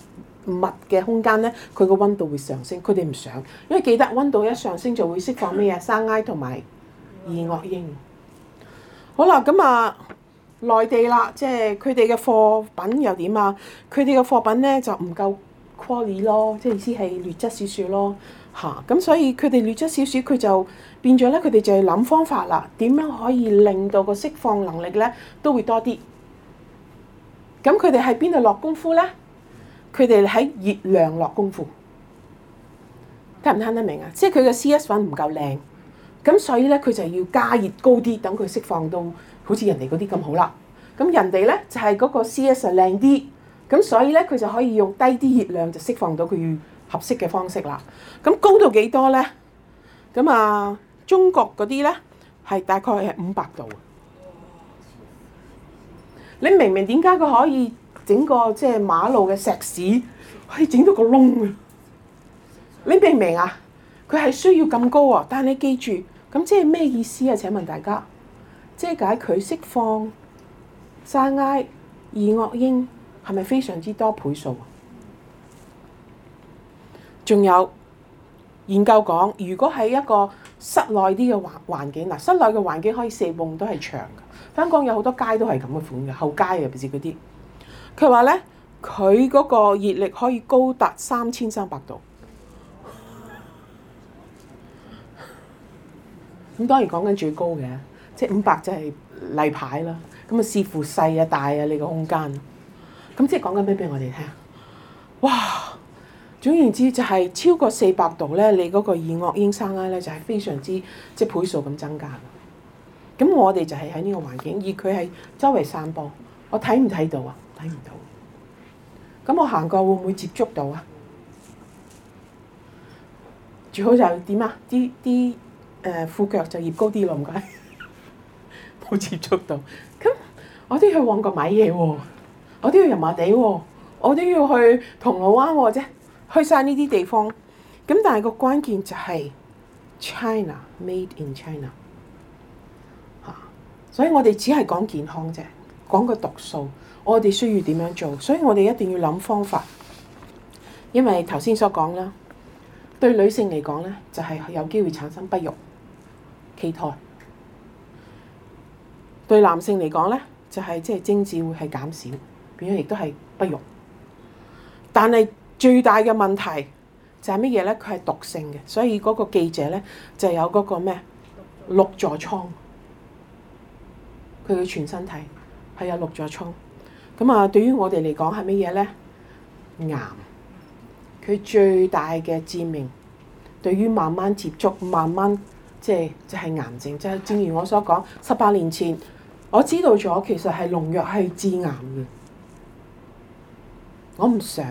密嘅空間咧，佢個溫度會上升，佢哋唔想，因為記得溫度一上升就會釋放咩啊？生 I 同埋二惡英。嗯、好啦，咁啊，內地啦，即係佢哋嘅貨品又點啊？佢哋嘅貨品咧就唔夠 quality 咯，即係意思係劣質少少咯，嚇、啊。咁所以佢哋劣質少少，佢就變咗咧，佢哋就係諗方法啦，點樣可以令到個釋放能力咧都會多啲。咁佢哋喺邊度落功夫咧？佢哋喺熱量落功夫，聽唔聽得明啊？即係佢嘅 CS 粉唔夠靚，咁所以咧佢就要加熱高啲，等佢釋放到好似人哋嗰啲咁好啦。咁人哋咧就係嗰個 CS 靚啲，咁所以咧佢就可以用低啲熱量就釋放到佢要合適嘅方式啦。咁高到幾多咧？咁啊，中國嗰啲咧係大概係五百度。你明唔明點解佢可以？整個即係馬路嘅石屎，可以整到個窿啊！你明唔明啊？佢係需要咁高啊！但係你記住，咁即係咩意思啊？請問大家，即係解佢釋放沙埃、二惡英係咪非常之多倍數啊？仲有研究講，如果喺一個室內啲嘅環環境嗱，室內嘅環境可以四埲都係長嘅。香港有好多街都係咁嘅款嘅，後街嘅，譬如嗰啲。佢話咧，佢嗰個熱力可以高達三千三百度。咁當然講緊最高嘅，即係五百就係例牌啦。咁啊視乎細啊大啊你個空間。咁即係講緊咩俾我哋聽？哇！總言之就係超過四百度咧，你嗰個二惡英生 I 咧就係非常之即係、就係、倍數咁增加。咁我哋就係喺呢個環境，而佢係周圍散播。我睇唔睇到啊？睇唔到，咁我行過會唔會接觸到啊？最好就點啊？啲啲誒褲腳就越高啲咯，唔該，冇接觸到。咁我都要去旺角買嘢喎，我都要油麻地喎，我都要去銅鑼灣喎啫，去晒呢啲地方。咁但係個關鍵就係 China Made in China。嚇！所以我哋只係講健康啫，講個毒素。我哋需要點樣做？所以我哋一定要諗方法，因為頭先所講啦，對女性嚟講呢，就係有機會產生不育、畸胎；對男性嚟講呢，就係即係精子會係減少，變咗亦都係不育。但係最大嘅問題就係乜嘢呢？佢係毒性嘅，所以嗰個記者呢，就有嗰個咩六座瘡，佢嘅全身體係有六座瘡。咁啊，對於我哋嚟講係乜嘢咧？癌，佢最大嘅致命。對於慢慢接觸、慢慢即係即係癌症，就係正如我所講，十八年前我知道咗，其實係農藥係致癌嘅。我唔想，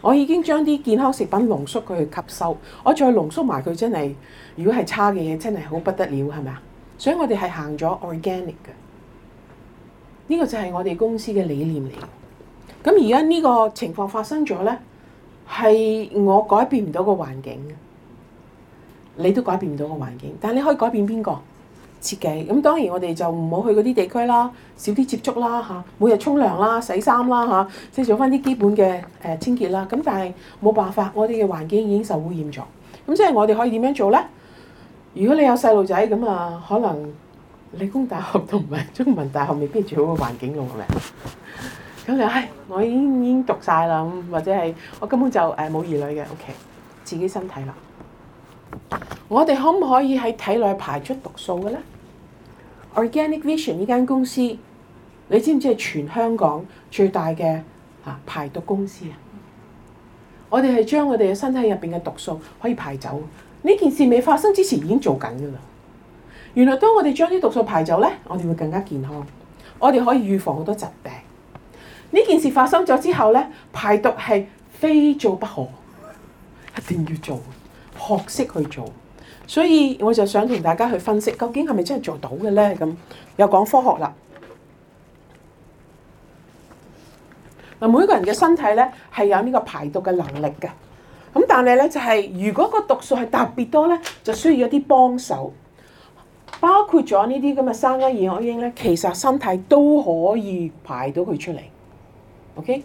我已經將啲健康食品濃縮佢去吸收，我再濃縮埋佢真係，如果係差嘅嘢，真係好不得了係咪啊？所以我哋係行咗 organic 嘅。呢個就係我哋公司嘅理念嚟嘅。咁而家呢個情況發生咗呢，係我改變唔到個環境，你都改變唔到個環境。但係你可以改變邊個？設計。咁當然我哋就唔好去嗰啲地區啦，少啲接觸啦嚇，每日沖涼啦、洗衫啦嚇，即係做翻啲基本嘅誒清潔啦。咁但係冇辦法，我哋嘅環境已經受污染咗。咁即係我哋可以點樣做呢？如果你有細路仔咁啊，可能。理工大學同埋中文大學未必最好嘅環境用嘅，咁你唉，我已經已經讀晒啦，或者係我根本就誒冇、呃、兒女嘅，O.K. 自己身體啦。我哋可唔可以喺體內排出毒素嘅咧？Organic Vision 呢間公司，你知唔知係全香港最大嘅啊排毒公司啊？我哋係將我哋嘅身體入邊嘅毒素可以排走，呢件事未發生之前已經做緊㗎喇。原來當我哋將啲毒素排走咧，我哋會更加健康，我哋可以預防好多疾病。呢件事發生咗之後咧，排毒係非做不可，一定要做，學識去做。所以我就想同大家去分析，究竟係咪真係做到嘅咧？咁又講科學啦。嗱，每個人嘅身體咧係有呢個排毒嘅能力嘅，咁但係咧就係、係、如果個毒素係特別多咧，就需要一啲幫手。包括咗呢啲咁嘅三蚊二噁英咧，其實身體都可以排到佢出嚟，OK？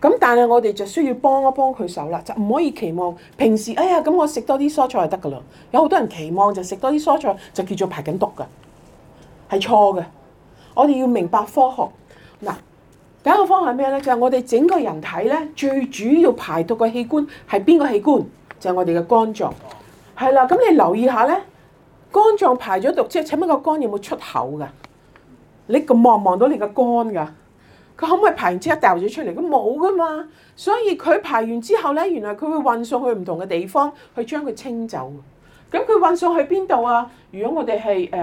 咁但係我哋就需要幫一幫佢手啦，就唔可以期望平時哎呀咁我食多啲蔬菜就得噶啦。有好多人期望就食多啲蔬菜就叫做排緊毒噶，係錯嘅。我哋要明白科學嗱，第一個方向係咩咧？就係、是、我哋整個人體咧最主要排毒嘅器官係邊個器官？就係、是、我哋嘅肝臟，係啦。咁你留意一下咧。肝臟排咗毒之後，請問個肝有冇出口㗎？你咁望唔望到你個肝㗎？佢可唔可以排完之後掉咗出嚟？佢冇㗎嘛。所以佢排完之後咧，原來佢會運送去唔同嘅地方去將佢清走。咁佢運送去邊度啊？如果我哋係誒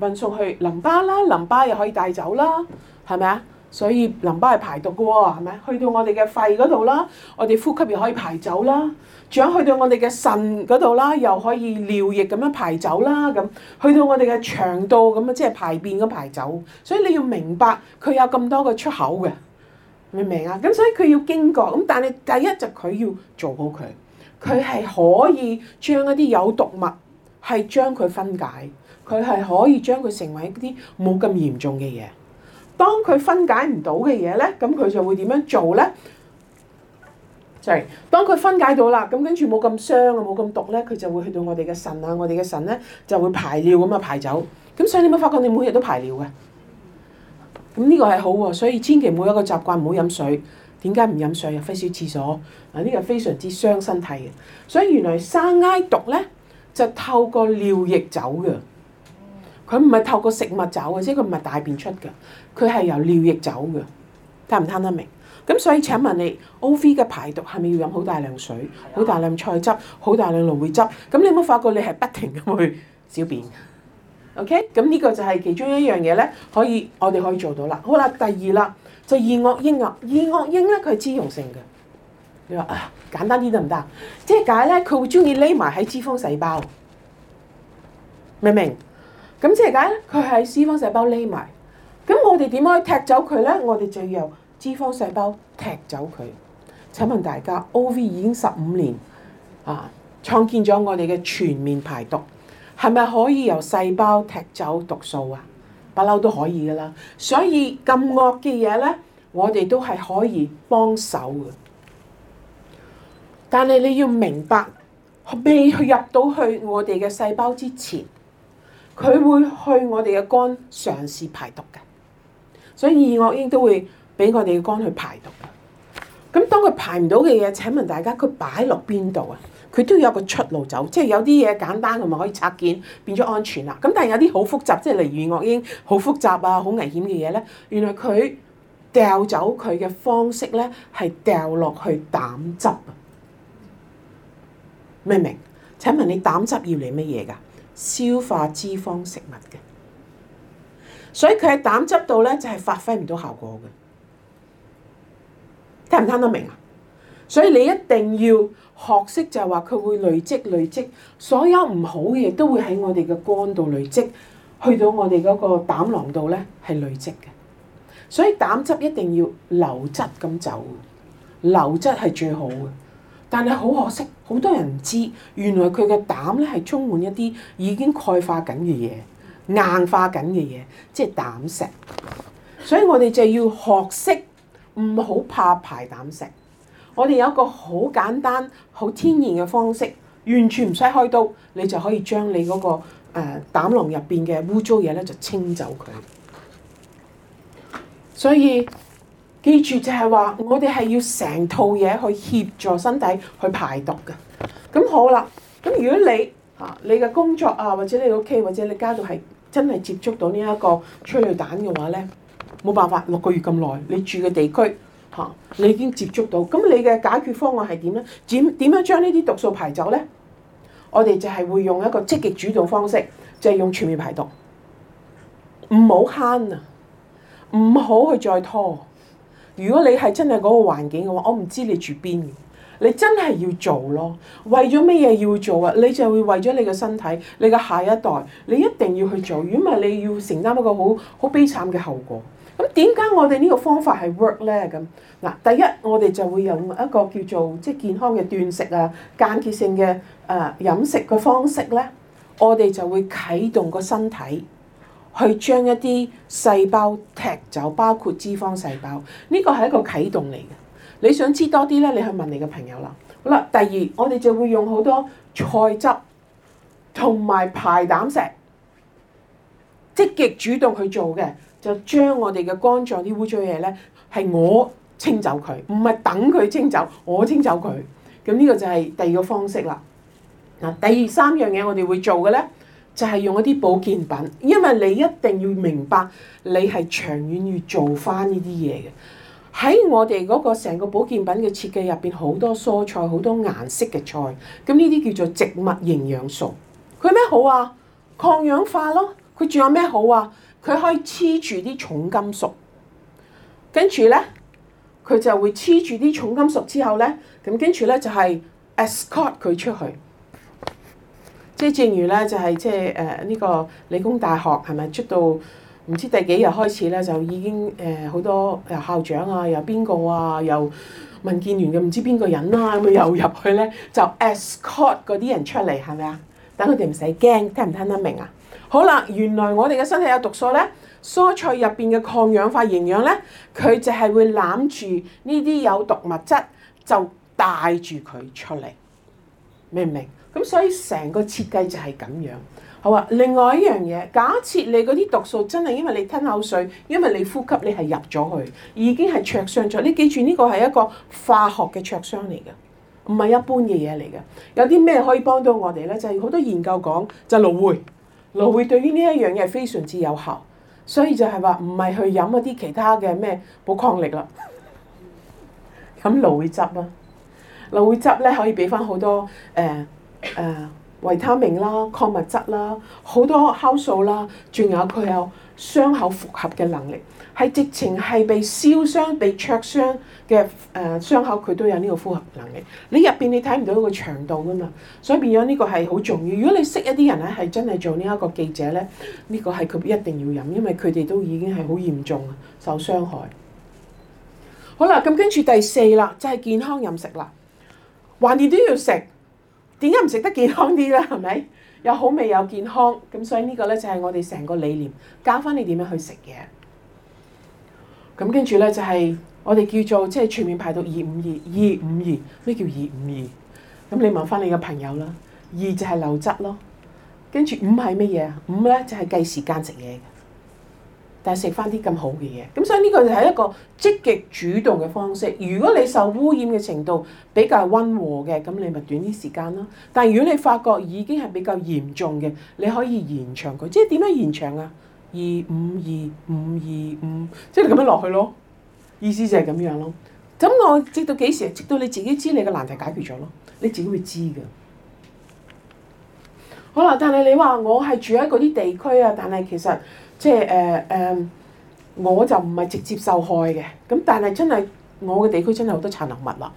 運送去淋巴啦，淋巴又可以帶走啦，係咪啊？所以淋巴係排毒㗎喎，係咪？去到我哋嘅肺嗰度啦，我哋呼吸又可以排走啦。將去到我哋嘅腎嗰度啦，又可以尿液咁樣排走啦，咁去到我哋嘅腸道咁啊，即係排便咁樣排走。所以你要明白佢有咁多個出口嘅，明唔明啊？咁所以佢要經過咁，但係第一就佢要做好佢，佢係可以將一啲有毒物係將佢分解，佢係可以將佢成為一啲冇咁嚴重嘅嘢。當佢分解唔到嘅嘢咧，咁佢就會點樣做咧？sorry，當佢分解到啦，咁跟住冇咁傷啊，冇咁毒咧，佢就會去到我哋嘅腎啊，我哋嘅腎咧就會排尿咁，啊排走。咁所以你有冇發覺你每日都排尿嘅？咁呢個係好喎，所以千祈冇一個習慣唔好飲水。點解唔飲水又費事廁所？啊，呢個非常之傷身體嘅。所以原來生挨毒咧就透過尿液走嘅，佢唔係透過食物走嘅，即係佢唔係大便出嘅，佢係由尿液走嘅。聽唔聽得明？咁所以請問你 O V 嘅排毒係咪要飲好大量水、好的大量菜汁、好大量蘆薈汁？咁你有冇發覺你係不停咁去小便？OK，咁呢個就係其中一樣嘢咧，可以我哋可以做到啦。好啦，第二啦，就係、二惡英啊！二惡英咧，佢係脂溶性嘅。你話啊，簡單啲得唔得？即係解咧，佢會中意匿埋喺脂肪細胞，明唔明？咁即係解咧，佢喺脂肪細胞匿埋。咁我哋點樣可以踢走佢咧？我哋就要。脂肪細胞踢走佢。請問大家，OV 已經十五年啊，創建咗我哋嘅全面排毒，係咪可以由細胞踢走毒素啊？不嬲都可以㗎喇。所以咁惡嘅嘢呢，我哋都係可以幫手嘅。但係你要明白，未入到去我哋嘅細胞之前，佢會去我哋嘅肝嘗試排毒嘅。所以二惡英都會俾我哋嘅肝去排毒，咁當佢排唔到嘅嘢，請問大家佢擺落邊度啊？佢都要有個出路走，即係有啲嘢簡單嘅，我可以拆件變咗安全啦。咁但係有啲好複雜，即係例如二噁英已經好複雜啊，好危險嘅嘢咧，原來佢掉走佢嘅方式咧係掉落去膽汁啊！明唔明？請問你膽汁要嚟乜嘢㗎？消化脂肪食物嘅，所以佢喺膽汁度咧就係發揮唔到效果嘅。聽唔聽得明啊？所以你一定要學識，就係話佢會累積累積，所有唔好嘅嘢都會喺我哋嘅肝度累積，去到我哋嗰個膽囊度咧係累積嘅。所以膽汁一定要流質咁走，流質係最好嘅。但係好可惜，好多人唔知，原來佢嘅膽咧係充滿一啲已經鈣化緊嘅嘢、硬化緊嘅嘢，即係膽石。所以我哋就要學識。唔好怕排膽石，我哋有一個好簡單、好天然嘅方式，完全唔使開刀，你就可以將你嗰個誒膽囊入面嘅污糟嘢咧，就清走佢。所以記住就係話，我哋係要成套嘢去協助身體去排毒嘅。咁好啦，咁如果你啊你嘅工作啊或者你屋企或者你家度係真係接觸到呢一個催淚彈嘅話咧。冇辦法，六個月咁耐，你住嘅地區吓你已經接觸到，咁你嘅解決方案係點咧？點點樣將呢啲毒素排走咧？我哋就係會用一個積極主動方式，就係用全面排毒，唔好慳啊，唔好去再拖。如果你係真係嗰個環境嘅話，我唔知你住邊，你真係要做咯。為咗咩嘢要做啊？你就會為咗你嘅身體、你嘅下一代，你一定要去做。如果唔係，你要承擔一個好好悲慘嘅後果。咁點解我哋呢個方法係 work 咧？咁嗱，第一我哋就會用一個叫做即係健康嘅斷食啊、間歇性嘅誒飲食嘅方式咧，我哋就會啟動個身體去將一啲細胞踢走，包括脂肪細胞，呢個係一個啟動嚟嘅。你想知多啲咧，你去問你嘅朋友啦。好啦，第二我哋就會用好多菜汁同埋排膽石，積極主動去做嘅。就將我哋嘅肝臟啲污糟嘢咧，係我清走佢，唔係等佢清走，我清走佢。咁呢個就係第二個方式啦。嗱，第三樣嘢我哋會做嘅咧，就係用一啲保健品，因為你一定要明白，你係長遠要做翻呢啲嘢嘅。喺我哋嗰個成個保健品嘅設計入邊，好多蔬菜，好多顏色嘅菜，咁呢啲叫做植物營養素。佢咩好啊？抗氧化咯，佢仲有咩好啊？佢可以黐住啲重金屬，跟住咧，佢就會黐住啲重金屬之後咧，咁跟住咧就係、是、escort 佢出去。即係正如咧就係即係誒呢個理工大學係咪出到唔知第幾日開始咧，就已經誒好、呃、多由校長啊，由邊個啊，由民建聯嘅唔知邊個人啊，咁又入去咧就 escort 嗰啲人出嚟係咪啊？等佢哋唔使驚，聽唔聽得明啊？好啦，原來我哋嘅身體有毒素咧，蔬菜入邊嘅抗氧化營養咧，佢就係會攬住呢啲有毒物質，就帶住佢出嚟，明唔明？咁所以成個設計就係咁樣。好啊，另外一樣嘢，假設你嗰啲毒素真係因為你吞口水，因為你呼吸，你係入咗去，已經係灼傷咗。你記住呢個係一個化學嘅灼傷嚟嘅，唔係一般嘅嘢嚟嘅。有啲咩可以幫到我哋咧？就係好多研究講就係蘆薈。蘆薈對於呢一樣嘢非常之有效，所以就係話唔係去飲嗰啲其他嘅咩補抗力啦，咁蘆薈汁啊！蘆薈汁呢，汁呢，汁呢可以畀翻好多誒誒。呃呃維他命啦、礦物質啦、好多酵素啦，仲有佢有傷口複合嘅能力，係直情係被燒傷、被灼傷嘅誒傷口，佢都有呢個複合能力。你入邊你睇唔到個腸道啊嘛，所以變咗呢個係好重要。如果你識一啲人咧，係真係做呢一個記者咧，呢、這個係佢一定要飲，因為佢哋都已經係好嚴重受傷害了。好啦，咁跟住第四啦，就係、是、健康飲食啦，橫掂都要食。點解唔食得健康啲咧？係咪又好味又健康？咁所以呢個咧就係我哋成個理念，教翻你點樣去食嘢。咁跟住咧就係我哋叫做即係、就是、全面排到二五二二五二。咩叫二五二？咁你問翻你嘅朋友啦。二就係流質咯，跟住五係乜嘢啊？五咧就係計時間食嘢嘅。但係食翻啲咁好嘅嘢，咁所以呢個就係一個積極主動嘅方式。如果你受污染嘅程度比較温和嘅，咁你咪短啲時間咯。但係如果你發覺已經係比較嚴重嘅，你可以延長佢。即係點樣延長啊？二五二五二五，即係咁樣落去咯。意思就係咁樣咯。咁我直到幾時？直到你自己知你嘅難題解決咗咯。你自己會知㗎。好啦，但係你話我係住喺嗰啲地區啊，但係其實。即係誒誒，我就唔係直接受害嘅，咁但係真係我嘅地區真係好多殘留物啦，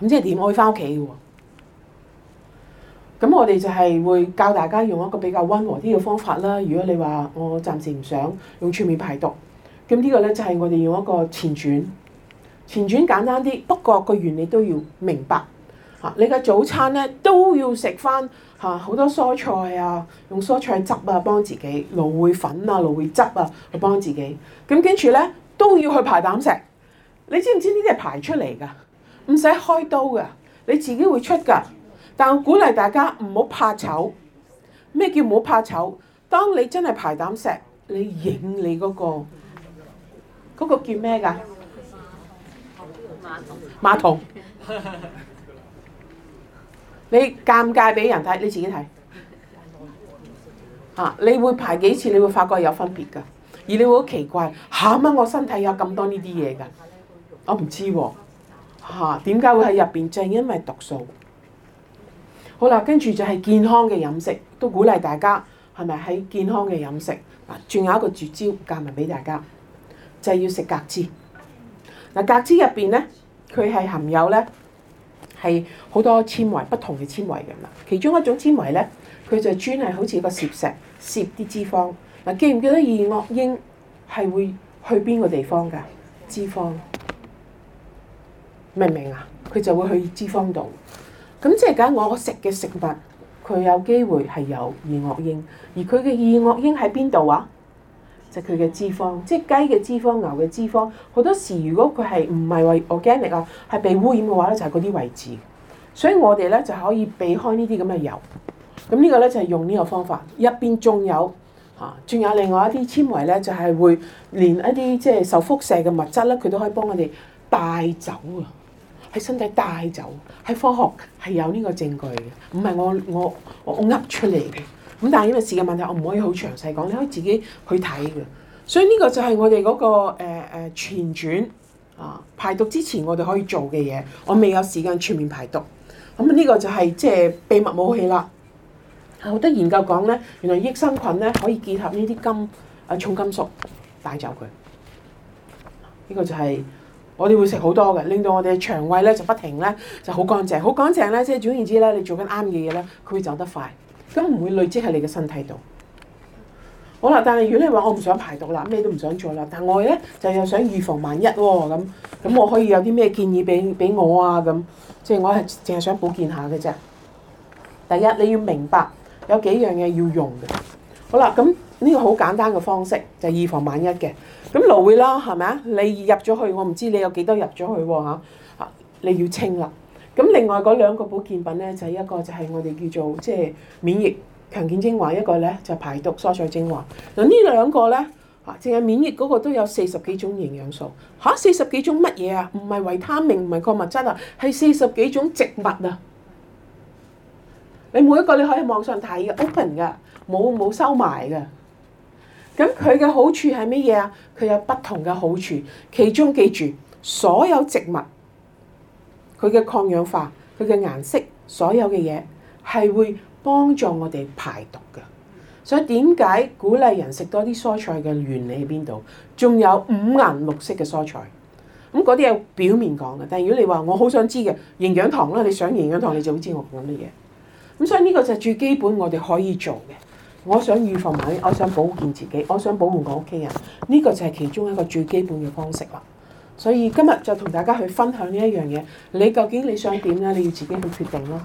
咁即係點可以返屋企喎？咁我哋就係會教大家用一個比較温和啲嘅方法啦。如果你話我暫時唔想用全面排毒，咁呢個咧就係、是、我哋用一個前轉，前轉簡單啲，不過個原理都要明白。嚇！你嘅早餐咧都要食翻嚇，好多蔬菜啊，用蔬菜汁啊幫自己，蘆薈粉啊、蘆薈汁啊去幫自己。咁跟住咧都要去排膽石。你知唔知呢啲係排出嚟噶？唔使開刀噶，你自己會出噶。但我鼓勵大家唔好怕醜。咩叫唔好怕醜？當你真係排膽石，你影你嗰個，嗰個叫咩㗎？馬桶。馬桶。你尷尬俾人睇，你自己睇嚇，你會排幾次，你會發覺有分別㗎。而你會好奇怪，嚇乜我身體有咁多呢啲嘢㗎？我唔知喎嚇，點解會喺入邊？正因為毒素。好啦，跟住就係健康嘅飲食，都鼓勵大家係咪喺健康嘅飲食？嗱，仲有一個絕招教埋俾大家，就係要食隔肢。嗱，隔肢入邊呢，佢係含有呢，係好多纖維，不同嘅纖維㗎啦。其中一種纖維咧，佢就專係好似一個攝石攝啲脂肪。嗱，記唔記得二惡英係會去邊個地方㗎？脂肪明唔明啊？佢就會去脂肪度。咁即係假如我食嘅食物，佢有機會係有二惡英。而佢嘅二惡英喺邊度啊？即係佢嘅脂肪，即係雞嘅脂肪、牛嘅脂肪，好多時如果佢係唔係為 organic 啊，係被污染嘅話咧，就係嗰啲位置。所以我哋咧就可以避開呢啲咁嘅油。咁呢個咧就係用呢個方法，入邊仲有，仲有另外一啲纖維咧，就係會連一啲即係受輻射嘅物質咧，佢都可以幫我哋帶走啊，喺身體帶走。喺科學係有呢個證據嘅，唔係我我我噏出嚟嘅。咁但係因為時間問題，我唔可以好詳細講，你可以自己去睇㗎。所以呢個就係我哋嗰、那個誒誒全轉啊排毒之前我哋可以做嘅嘢，我未有時間全面排毒。咁呢個就係即係秘密武器啦。有啲研究講咧，原來益生菌咧可以結合呢啲金啊重金屬帶走佢。呢、這個就係、是、我哋會食好多嘅，令到我哋嘅腸胃咧就不停咧就好乾淨，好乾淨咧即係總言之咧，你做緊啱嘅嘢咧，佢會走得快。咁唔會累積喺你嘅身體度。好啦，但係如果你話我唔想排毒啦，咩都唔想做啦，但係我咧就又想預防萬一喎。咁咁我可以有啲咩建議俾俾我啊？咁即係我係淨係想保健下嘅啫。第一，你要明白有幾樣嘢要用嘅。好啦，咁呢個好簡單嘅方式就係預防萬一嘅。咁蘆薈啦，係咪啊？你入咗去，我唔知你有幾多入咗去喎。你要清啦。咁另外嗰兩個保健品咧，就係一個就係我哋叫做即係免疫強健精華，一個咧就排毒蔬菜精華。就呢兩個咧嚇，淨係免疫嗰個都有四十幾種營養素嚇，四十幾種乜嘢啊？唔係維他命，唔係礦物質啊，係四十幾種植物啊。你每一個你可以網上睇嘅 Open 噶，冇冇收埋㗎。咁佢嘅好處係乜嘢啊？佢有不同嘅好處，其中記住所有植物。佢嘅抗氧化、佢嘅顏色、所有嘅嘢係會幫助我哋排毒嘅。所以點解鼓勵人食多啲蔬菜嘅原理喺邊度？仲有五顏六色嘅蔬菜。咁嗰啲係表面講嘅，但係如果你話我好想知嘅營養堂啦，你想營養堂你就好知我講乜嘢。咁所以呢個就係最基本我哋可以做嘅。我想預防埋，我想保健自己，我想保護我屋企人，呢個就係其中一個最基本嘅方式啦。所以今日就同大家去分享呢一樣嘢，你究竟你想點咧？你要自己去決定咯。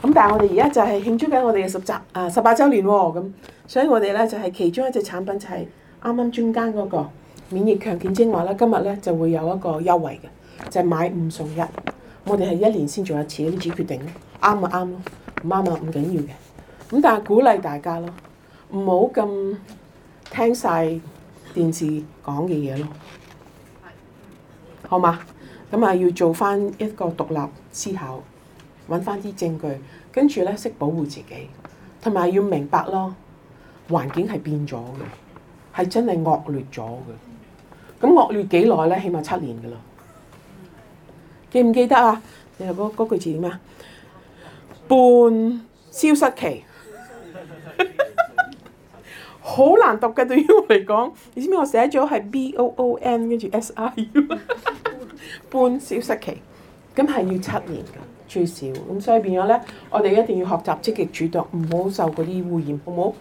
咁但係我哋而家就係慶祝緊我哋嘅十集啊十八周年喎，咁所以我哋咧就係其中一隻產品就係啱啱專間嗰個免疫強健精華啦。今日咧就會有一個優惠嘅，就係買五送一。我哋係一年先做一次呢啲決定，啱就啱咯，唔啱啊唔緊要嘅。咁但係鼓勵大家咯，唔好咁聽晒電視講嘅嘢咯。好嘛？咁啊，要做翻一個獨立思考，揾翻啲證據，跟住咧識保護自己，同埋要明白咯。環境係變咗嘅，係真係惡劣咗嘅。咁惡劣幾耐咧？起碼七年嘅啦。記唔記得啊？你話嗰嗰句字點啊？半消失期。好難讀嘅，對於我嚟講，你知唔知我寫咗係 b o o n 跟住 s i u，半消失期，咁係要七年嘅最少，咁所以變咗咧，我哋一定要學習積極主動，唔好受嗰啲污染，好唔好？